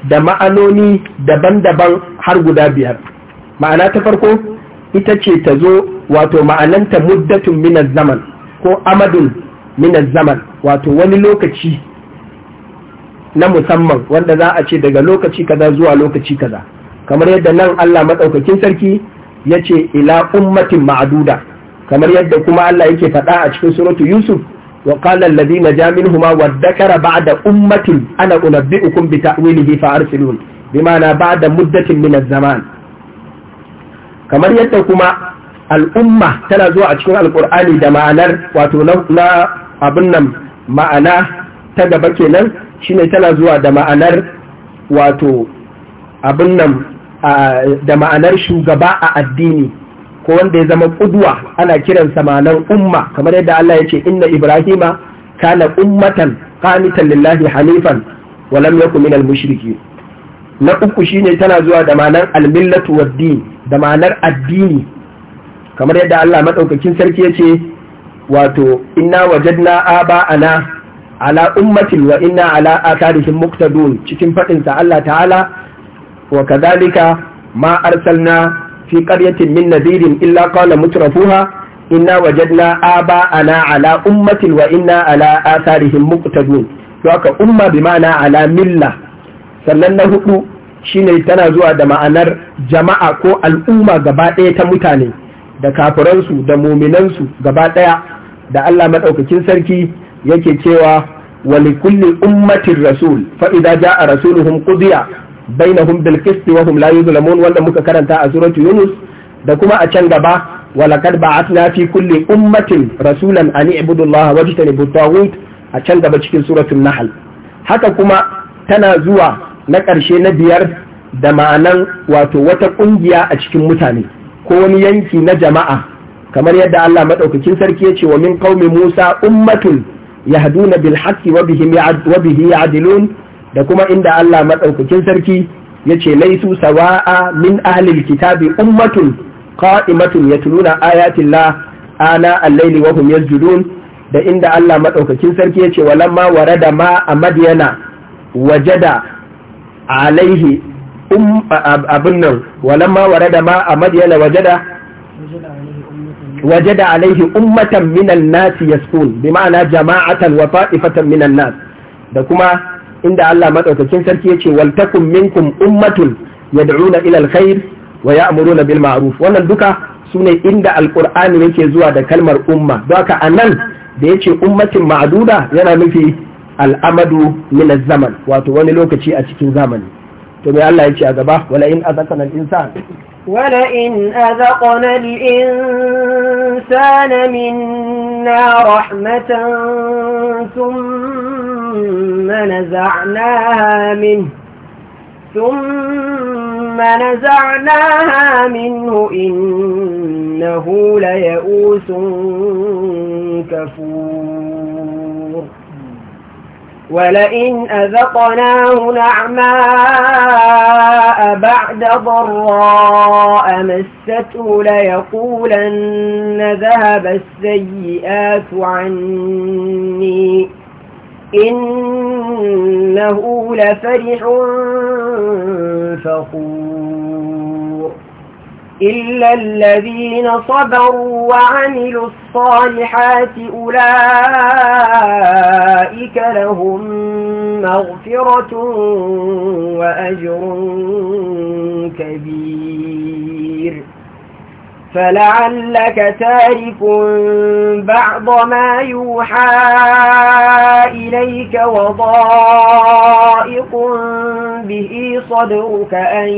da ma'anoni daban-daban har guda biyar ma'ana ta farko ita ce ta zo wato ma'ananta muddatun minas zaman ko amadun minas zaman wato wani lokaci na musamman wanda za a ce daga lokaci kaza zuwa lokaci kaza kamar yadda nan Allah maɗaukakin sarki ya ce ila ummatin ma'aduda kamar yadda kuma Allah yake faɗa a cikin suratu yusuf wa qala alladhina wadda minhuma ba ba'da ummatin ana unabbi'ukum bi ta'wilihi fa arsilun ba da muddatin min zaman kamar yadda kuma al'umma tana zuwa a cikin Alƙur'ani da ma'anar wato na abin nan ma'ana ta gaba kenan shine tana zuwa da ma'anar wato abin nan da ma'anar shugaba a addini ko wanda ya zama ƙuduwa ana kiransa ma'anar umma kamar yadda Allah ya ce inna ibrahima kana ummatan qanitan lillahi hanifan wa lam yakun minal mushrikin na uku shine tana zuwa da ma'anar almillatu wad-din da ma'anar addini kamar yadda Allah madaukakin sarki ya ce wato inna wajadna ana ala ummatin wa inna ala tarihin muktadun cikin fadin sa Allah ta'ala wa kadhalika ma arsalna fi qaryatin min nadirin illa qala mutrafuha inna wajadna aba'ana ala ummatin wa inna ala atharihim muqtadun to haka umma bi ma'ana ala milla sannan na hudu shine tana zuwa da ma'anar jama'a ko al'umma gabaɗaya ta mutane da kafiransu da muminansu gabaɗaya, da Allah maɗaukakin sarki yake cewa wali kulle ummatin rasul fa idza jaa rasuluhum qudiya bainahum bil qist wa hum la wanda muka karanta a suratu yunus da kuma a can gaba walaqad ba'athna fi kulli ummatin rasulan an i'budu allaha a can gaba cikin suratul nahl haka kuma tana zuwa na ƙarshe na biyar da ma'anar wato wata ƙungiya a cikin mutane ko wani yanki na jama'a kamar yadda Allah maɗaukacin sarki ya ce wa min qaumi Musa ummatun yahduna bil haqqi wa bihi ya'dilun da kuma inda Allah maɗaukakin sarki ya ce laisu sawa'a min ahlil kitabi ummatun qa'imatun yatluna ayatin la ana al-laili wa hum yasjudun da inda Allah maɗaukakin sarki ya ce walamma warada ma a madyana wajada alaihi um abun nan walamma warada ma a madyana wajada wajada alaihi ummatan minan nasi yaskun bi ma'ana jama'atan wa fa'ifatan minan nas da kuma inda Allah madaukakin sarki yace wal takum minkum ummatun yad'una ila alkhair wa ya'muruna na ma'ruf wannan duka sune inda alkur'ani yake zuwa da kalmar umma don haka nan da yace ummatin ma'aduda yana nufi al'amadu min zaman wato wani lokaci a cikin zamani to me Allah yace a gaba wala in azakana al-insan ولئن أذقنا الإنسان منا رحمة ثم نزعناها منه ثم نزعناها منه إنه ليئوس كفور ولئن أذقناه نعماء بعد ضراء مسته ليقولن ذهب السيئات عني إنه لفرح فخور إلا الذين صبروا وعملوا الصالحات أولئك لهم مغفرة وأجر كبير فلعلك تارك بعض ما يوحى إليك وضائق به صدرك أن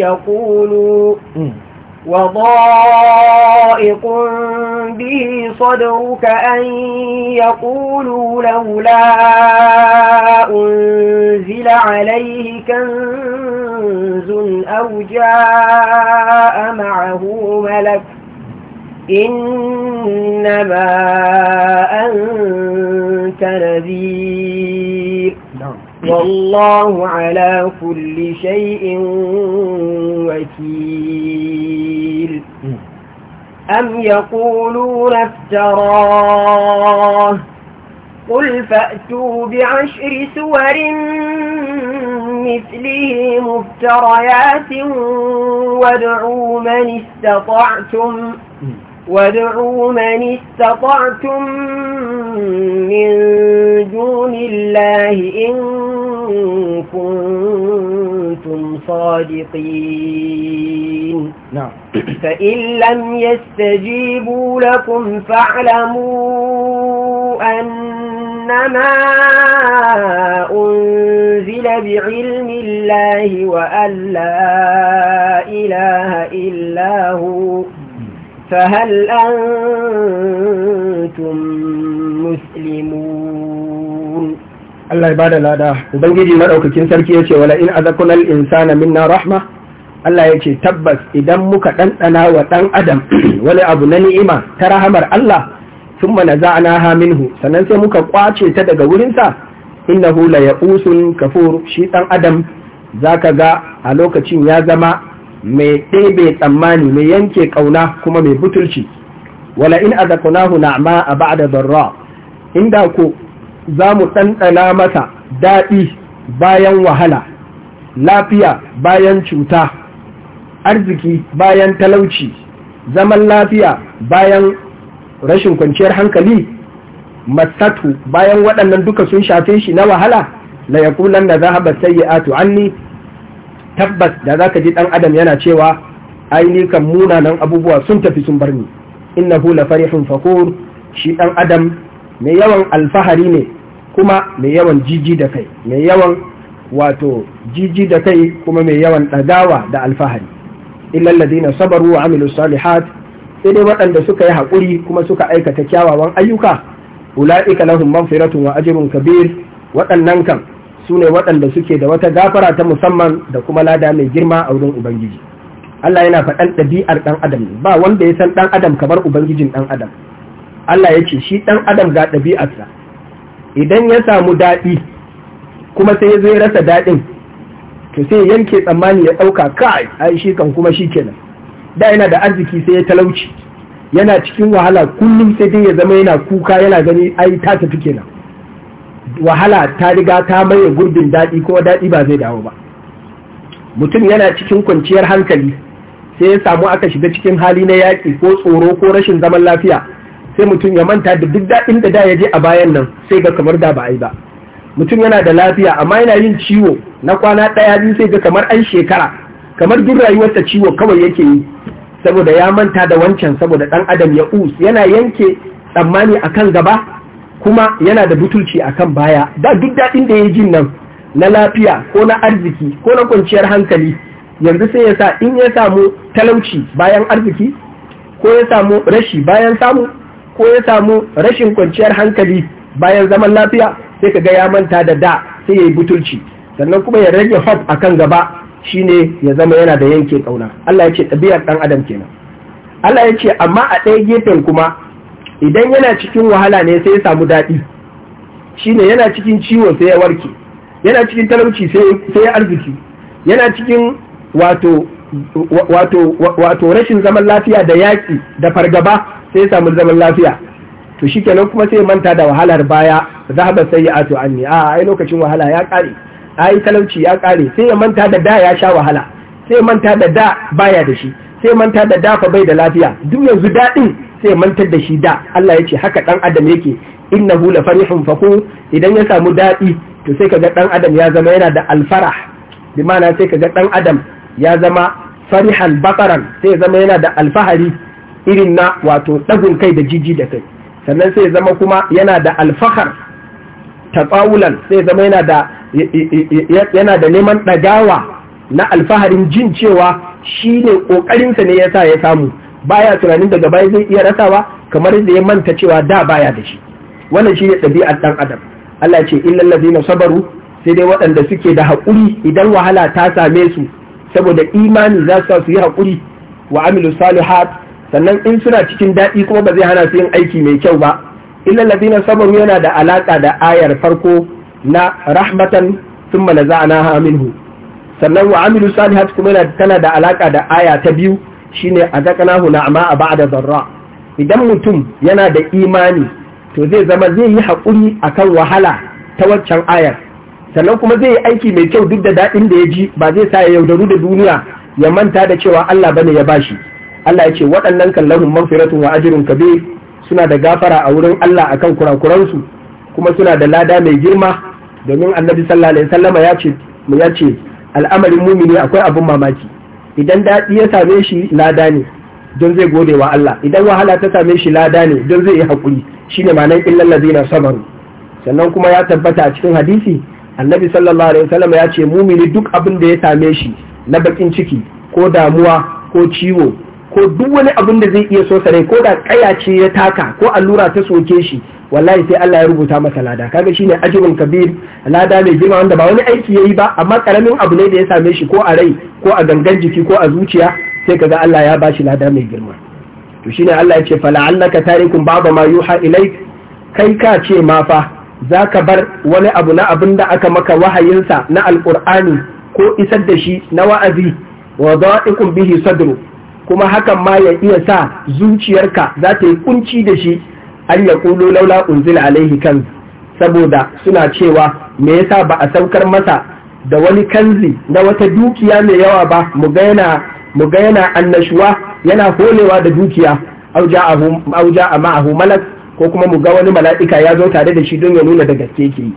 يقولوا وضائق به صدرك أن يقولوا لولا أنزل عليه كنز أو جاء معه ملك إنما أنت نذير نعم والله على كل شيء وكيل أم يقولون افتراه قل فأتوا بعشر سور مثله مفتريات وادعوا من استطعتم وادعوا من استطعتم من دون الله صادقين نعم فإن لم يستجيبوا لكم فاعلموا أنما أنزل بعلم الله وأن لا إله إلا هو فهل أنتم مسلمون Allah ya bada lada ubangiji madaukakin sarki yace wala in azaqnal insana minna rahma Allah yace tabbas idan muka ɗanɗana wa dan adam *clears throat* wani abu na ni'ima ta rahamar Allah mana za naza'naha minhu sannan sai muka kwace ta daga wurin sa hula ya ya'usun kafur shi ɗan adam zaka ga a lokacin ya zama mai ɗebe tsammani mai yanke ƙauna kuma mai butulci wala in azaqnahu na'ma a ba'da darra inda ko za mu ɗanɗana masa daɗi bayan wahala lafiya bayan cuta arziki bayan talauci zaman lafiya bayan rashin kwanciyar hankali matsatu bayan waɗannan duka sun shafe shi na wahala la yaqulan da zahaba ato anni tabbas da za ka ji ɗan adam yana cewa ainihin munanan abubuwa sun tafi sun bar ni na hula farihun fakur shi ɗan adam mai yawan alfahari ne kuma mai yawan jiji da kai mai yawan wato jiji da kai kuma mai yawan ɗagawa da alfahari illal ladina sabaru wa amilu salihat sai dai waɗanda suka yi haƙuri kuma suka aikata kyawawan ayyuka ula'ika lahum maghfiratun wa ajrun kabir waɗannan kan su ne waɗanda suke da wata gafara ta musamman da kuma lada mai girma a wurin ubangiji Allah yana faɗan ɗabi'ar ɗan adam ba wanda ya san ɗan adam kamar ubangijin ɗan adam Allah ya ce shi ɗan adam ga ɗabi'arsa idan ya samu daɗi kuma sai zai rasa daɗin to sai yanke tsammani ya ɗauka kai a shi kan kuma shi kenan da yana da arziki sai ya talauci yana cikin wahala kullum sai dai ya zama yana kuka yana gani ai ta tafi kenan wahala ta riga ta maye gurbin daɗi ko daɗi ba zai dawo ba mutum yana cikin kwanciyar hankali sai ya samu aka shiga cikin hali na yaƙi ko tsoro ko rashin zaman lafiya sai mutum ya manta da duk daɗin da da ya je a bayan nan sai ga kamar da ba a yi ba mutum yana da lafiya amma yana yin ciwo na kwana ɗaya biyu sai ga kamar an shekara kamar duk rayuwarsa ciwo kawai yake yi saboda ya manta da wancan saboda ɗan adam ya us yana yanke tsammani akan gaba kuma yana da butulci kan baya da duk daɗin da ya jin nan na lafiya ko na arziki ko na kwanciyar hankali yanzu sai ya sa in ya samu talauci bayan arziki ko ya samu rashi bayan samu ko ya samu rashin kwanciyar hankali bayan zaman lafiya sai ka ga ya manta da da sai ya yi butulci sannan kuma ya rage hop a kan gaba shine ya zama yana da yanke kauna Allah ya ce ɗabi'ar ɗan adam kenan Allah ya ce amma a ɗaya gefen kuma idan yana cikin wahala ne sai ya samu daɗi shine yana cikin ciwo sai ya warke yana cikin talauci sai ya arziki yana cikin wato rashin zaman lafiya da yaƙi da fargaba sai ya samu zaman lafiya to shikenan kuma sai ya manta da wahalar baya zahaba sayyi'atu anni a ai lokacin wahala ya kare ai talauci ya kare sai ya manta da da ya sha wahala sai ya manta da da baya da shi sai ya manta da da fa bai da lafiya duk yanzu dadin sai ya mantar da shi da Allah ya ce haka dan adam yake innahu la farihun faku idan ya samu dadi to sai kaga dan adam ya zama yana da alfarah bi ma'ana sai kaga dan adam ya zama farihan bakaran sai ya zama yana da alfahari irin na wato ɗagun kai da jiji da kai sannan sai zama kuma yana da alfahar tatsawulan sai zama yana da yana da neman ɗagawa na alfaharin jin cewa shi ne ƙoƙarinsa ne ya sa ya samu baya tunanin daga baya zai iya rasawa kamar yadda ya manta cewa da baya da shi wannan shi ne ɗabi'ar ɗan adam Allah ce illal ladina sabaru sai dai waɗanda suke da haƙuri idan wahala ta same su saboda imani za su yi haƙuri wa amilu salihat sannan in suna cikin daɗi kuma ba zai hana su yin aiki mai kyau ba illa ladina sabaru yana da alaƙa da ayar farko na rahmatan thumma naza'naha minhu sannan wa amilu salihat kuma yana tana da alaka da aya ta biyu shine azaqnahu na'ma ba'da zarra. idan mutum yana da imani to zai zama zai yi haƙuri akan wahala ta waccan ayar sannan kuma zai yi aiki mai kyau duk da daɗin da ya ji ba zai sa ya yaudaru da duniya ya manta da cewa Allah bane ya bashi Allah ya ce waɗannan kallahun maghfiratun wa ajrun kabir suna da gafara a wurin Allah akan kurakuransu kuma suna da lada mai girma domin annabi sallallahu alaihi sallama ya ce ya ce al'amarin mumini akwai abin mamaki idan daɗi ya same shi lada ne don zai gode wa Allah idan wahala ta same shi lada ne don zai yi haƙuri shine ma'anar illal ladina sabaru sannan kuma ya tabbata a cikin hadisi annabi sallallahu alaihi sallama ya ce mumini duk abin da ya same shi na bakin ciki ko damuwa ko ciwo ko duk wani abin da zai iya so sarai ko da kaya ce ya taka ko allura ta soke shi wallahi sai Allah ya rubuta masa lada kaga shine ajibin kabir lada mai girma wanda ba wani aiki yayi ba amma karamin abu ne da ya same shi ko a rai ko a gangan jiki ko a zuciya sai kaga Allah ya bashi lada mai girma to shine Allah ya ce fala'allaka tarikum baba ma yuha ilaik kai ka ce ma fa zaka bar wani abu na abin da aka maka wahayinsa na alqur'ani ko isar da shi na wa'azi wa da'ikum bihi sadru kuma hakan ma ya iya sa zuciyarka za ta yi kunci da shi an ya ƙulo laula unzila alaihi kan saboda suna cewa me yasa ba a saukar masa da wani kanzi na wata dukiya mai yawa ba mu ga yana annashuwa yana holewa da dukiya auja a ma'ahu malak ko kuma mu ga wani mala'ika ya zo tare da shi don ya nuna da gaske ke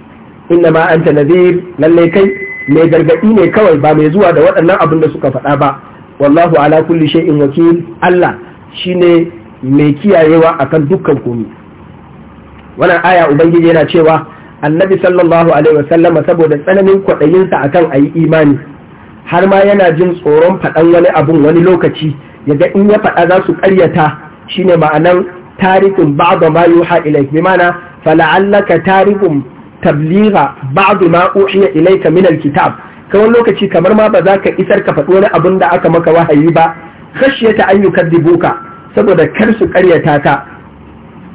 inna ma anta nadhir lalle kai mai gargaɗi ne kawai ba mai zuwa da waɗannan abin da suka faɗa ba wallahu ala kulli shay'in wakil Allah shine mai kiyayewa akan dukkan komai wannan aya ubangiji yana cewa annabi sallallahu alaihi wasallama saboda tsananin kwaɗayinsa akan ayi imani har ma yana jin tsoron faɗan wani abun wani lokaci yaga in ya faɗa za su ƙaryata shine ma'anan tarikin ba'da ma yuha ilaik bi mana fala'allaka tarikun tabliga ba'du ma uhiya ilaika min alkitab ta wani lokaci kamar ma ba za ka isar ka faɗi wani abin da aka maka wahayi ba ta an yukadibuka saboda kar su karyata ka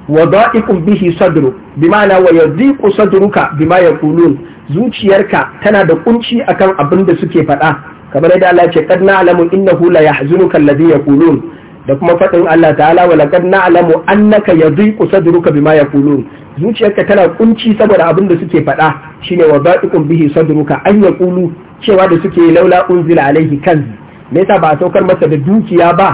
wa da'iqun bihi sadru bima'ana wa yadhiqu sadruka bima yaqulun zuciyarka tana da kunci akan abin da suke faɗa kamar yadda Allah ce qad na'lamu innahu la yahzunuka alladhi yaqulun da kuma faɗin Allah ta'ala wa laqad na'lamu annaka yadhiqu sadruka bima yaqulun zuciyarka tana kunci saboda abin da suke faɗa shine wa da'iqun bihi sadruka an yaqulu cewa da suke laula unzila alaihi kanzi me yasa ba a saukar masa da dukiya ba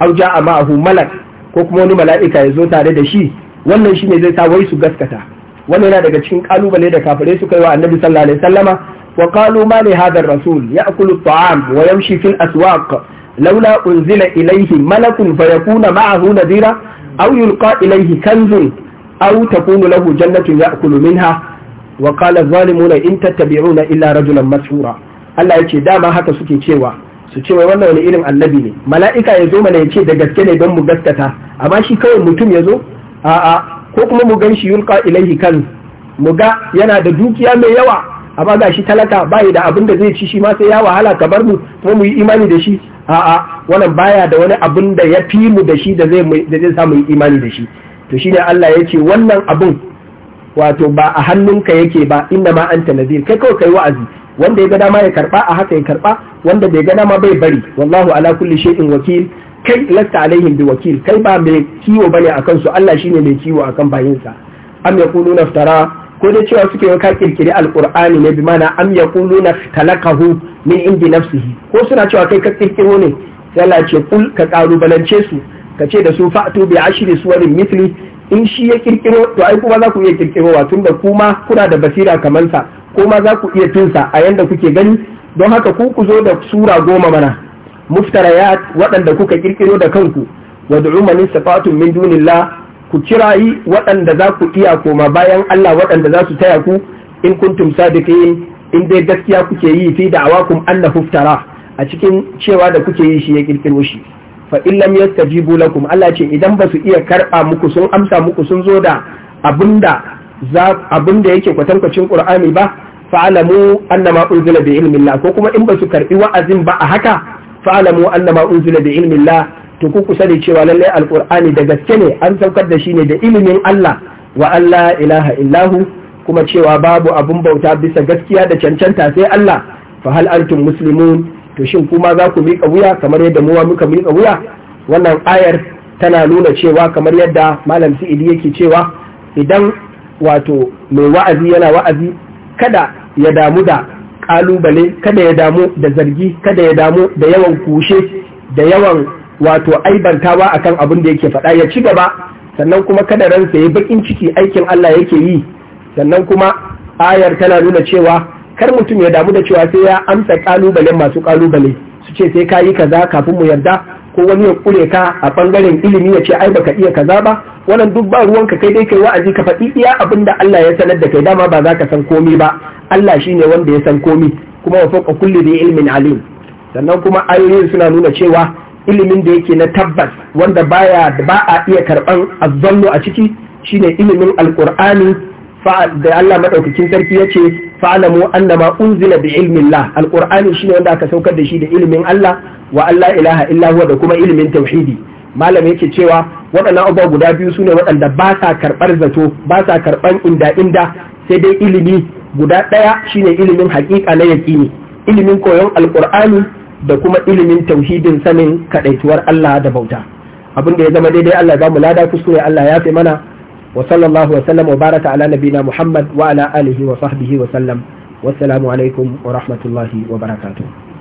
aw a ma'ahu malak ko kuma wani mala'ika ya zo tare da shi wannan shine zai sa wai su gaskata wannan yana daga cikin kalubale da kafirai suka yi wa annabi sallallahu alaihi wasallama wa qalu ma li hadha ar-rasul ya'kulu at-ta'am wa yamshi fil aswaq laula unzila ilayhi malakun fayakuna ma'ahu nadira aw yulqa ilayhi kanzun aw takunu lahu jannatun ya'kulu minha wa qala adh-dhalimuna in tattabi'una illa Allah ya ce dama haka suke cewa su ce wai wannan wani irin annabi ne mala'ika ya zo mana ya ce da gaske ne don mu gaskata amma shi kawai mutum ya zo a'a ko kuma mu gan shi yulqa ilaihi kan mu ga yana da dukiya mai yawa amma ga shi talaka bai da abin da zai ci shi ma sai ya wahala kamar mu kuma mu yi imani da shi a'a wannan baya da wani abin da ya fi mu da shi da zai da zai sa mu imani da shi to shine Allah ya ce wannan abun, wato ba a hannunka yake ba inda ma anta nadir kai kawai kai wa'azi wanda ya ga dama ya karɓa a haka ya karɓa wanda bai ga dama bai bari wallahu ala kulli shay'in wakil kai lasta alaihim bi wakil kai ba mai kiwo bane akan su Allah shine mai kiwo akan bayinsa am yaquluna iftara ko dai cewa suke ka kirkiri alqur'ani ne bi mana am yaquluna talakahu min indi nafsihi ko suna cewa kai ka kirkiro ne sai Allah ce kul ka balance su ka ce da su fa'tu bi ashri suwarin mithli in shi ya kirkiro to ai kuma za ku iya kirkirowa tun da kuma kuna da basira kamar sa kuma za ku iya tunsa a yanda kuke gani don haka ku ku zo da sura goma mana muftarayat waɗanda kuka kirkiro da kanku wa du'u man min dunillah ku kirayi waɗanda za ku iya koma bayan Allah waɗanda za su taya ku in kuntum sadiqin in dai gaskiya kuke yi fi da'awakum allah huftara a cikin cewa da kuke yi shi ya kirkiro shi fa illam yastajibu lakum Allah ce idan ba su iya karba muku sun amsa muku sun zo da abinda za abinda yake kwatankwacin Qur'ani ba alamu annama unzila bi ilmillah ko kuma in ba su karbi wa'azin ba a haka fa'alamu annama unzila bi ilmillah to ku ku sani cewa lallai alqur'ani da gaske ne an saukar da shi ne da ilimin Allah wa Allah ilaha illahu kuma cewa babu abun bauta bisa gaskiya da cancanta sai Allah fa hal antum muslimun to shin kuma za ku miƙa wuya kamar yadda muwa muka miƙa wuya wannan ayar tana nuna cewa kamar yadda malam sa'idi yake cewa idan wato mai wa'azi yana wa'azi kada ya damu da ƙalubale, kada ya damu da zargi kada ya damu da yawan kushe da yawan wato aibantawa akan abin da yake faɗa ya ci gaba sannan kuma kada ransa ya baƙin ciki aikin Allah yake yi sannan kuma ayar tana nuna cewa kar mutum ya damu da cewa sai ya amsa kalubale masu kalubale su ce sai ka yi kaza kafin mu yarda ko wani ya kure ka a bangaren ilimi ya ce ai ka iya kaza ba wannan duk ba ruwanka kai dai kai wa'azi ka faɗi iya abin da Allah ya sanar da kai dama ba za ka san komi ba Allah shine wanda ya san komi kuma wa fawqa kulli bi ilmin alim sannan kuma ayoyin suna nuna cewa ilimin da yake na tabbas wanda baya ba a iya karban azzannu a ciki shine ilimin alqur'ani da Allah madaukakin sarki ya ce yace fa'lamu annama unzila bi ilmillah alqur'ani shine wanda aka saukar da shi da ilimin Allah wa Allah ilaha illa huwa da kuma ilimin tauhidi malam yake cewa waɗannan abubuwa guda biyu sune waɗanda ba sa karɓar zato ba sa karɓar inda inda sai dai ilimi guda ɗaya shine ilimin haƙiƙa na yaƙini ilimin koyon alqur'ani da kuma ilimin tauhidin sanin kaɗaituwar Allah da bauta abin da ya zama daidai Allah za mu lada kuskure Allah ya fi mana وصلى الله وسلم وبارك على نبينا محمد وعلى آله وصحبه وسلم والسلام عليكم ورحمة الله وبركاته